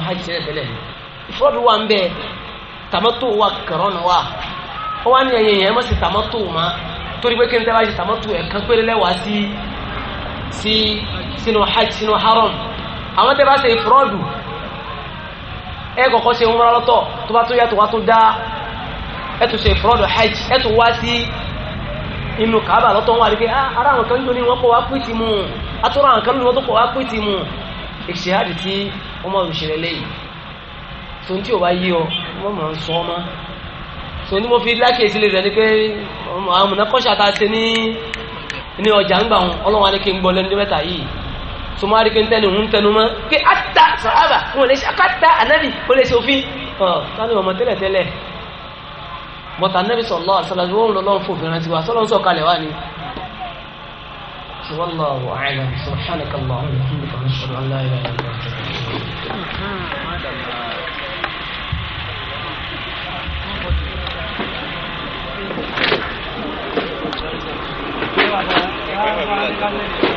hajj tẹ́lẹ̀ tẹ́lẹ̀ wa ń tàmátò wa kẹrọ́nù wa ó wá ní ẹ̀yìn yẹn mọ̀ sí ma torí pé kí n tẹ́ bá ṣe tàmátò ẹ̀kan péré lẹ́wàá sí sí sínú hajj sínú haram àwọn tẹ́ bá ṣe ìfúrọ́dù ẹ kọ̀kọ́ ṣe umra lọ́tọ̀ tó bá tó yàtọ̀ wá tó dá ẹ tó ṣe ìfúrọ́dù hajj ẹ tó wá sí inú kaaba lọ́tọ̀ wọn àdìgbé ah, ara àwọn kan lóní wọn kọ wá pé ti mu atọ́rọ̀ àwọn kan lóní wọn kọ wá pé ti mu ìṣèhádìí tí wọ́n máa ń ṣe lẹ́yìn tó ń bá yí ọ wọ́n mọ̀ ń sọ ọmọ so ní mo fi lákèsí lè rẹ̀ ni pé àwọn mọ̀nàkọ́ṣà ta ṣe ní ní ọjà ń gbà wọn ọlọ́wọ́n alẹ́ kí n gbọ́ lẹ́nu mẹ́ta yìí so máa rí kí n tẹnu ń tẹnu mọ́ pé ata sàhábà wọn lè ṣe akata anabi wọn lè ṣe òfin ọ sani ọmọ tẹ́lẹ̀ tẹ́lẹ̀ bọ́tà anabi sallallahu alaihi wasallam wọn lọ́wọ́ fòfin rántí wa sọlọ́n sọ kalẹ̀ wá ni. والله أعلم سبحانك اللهم وبحمدك أشهد أن لا إله إلا أنت よろしくお願いします。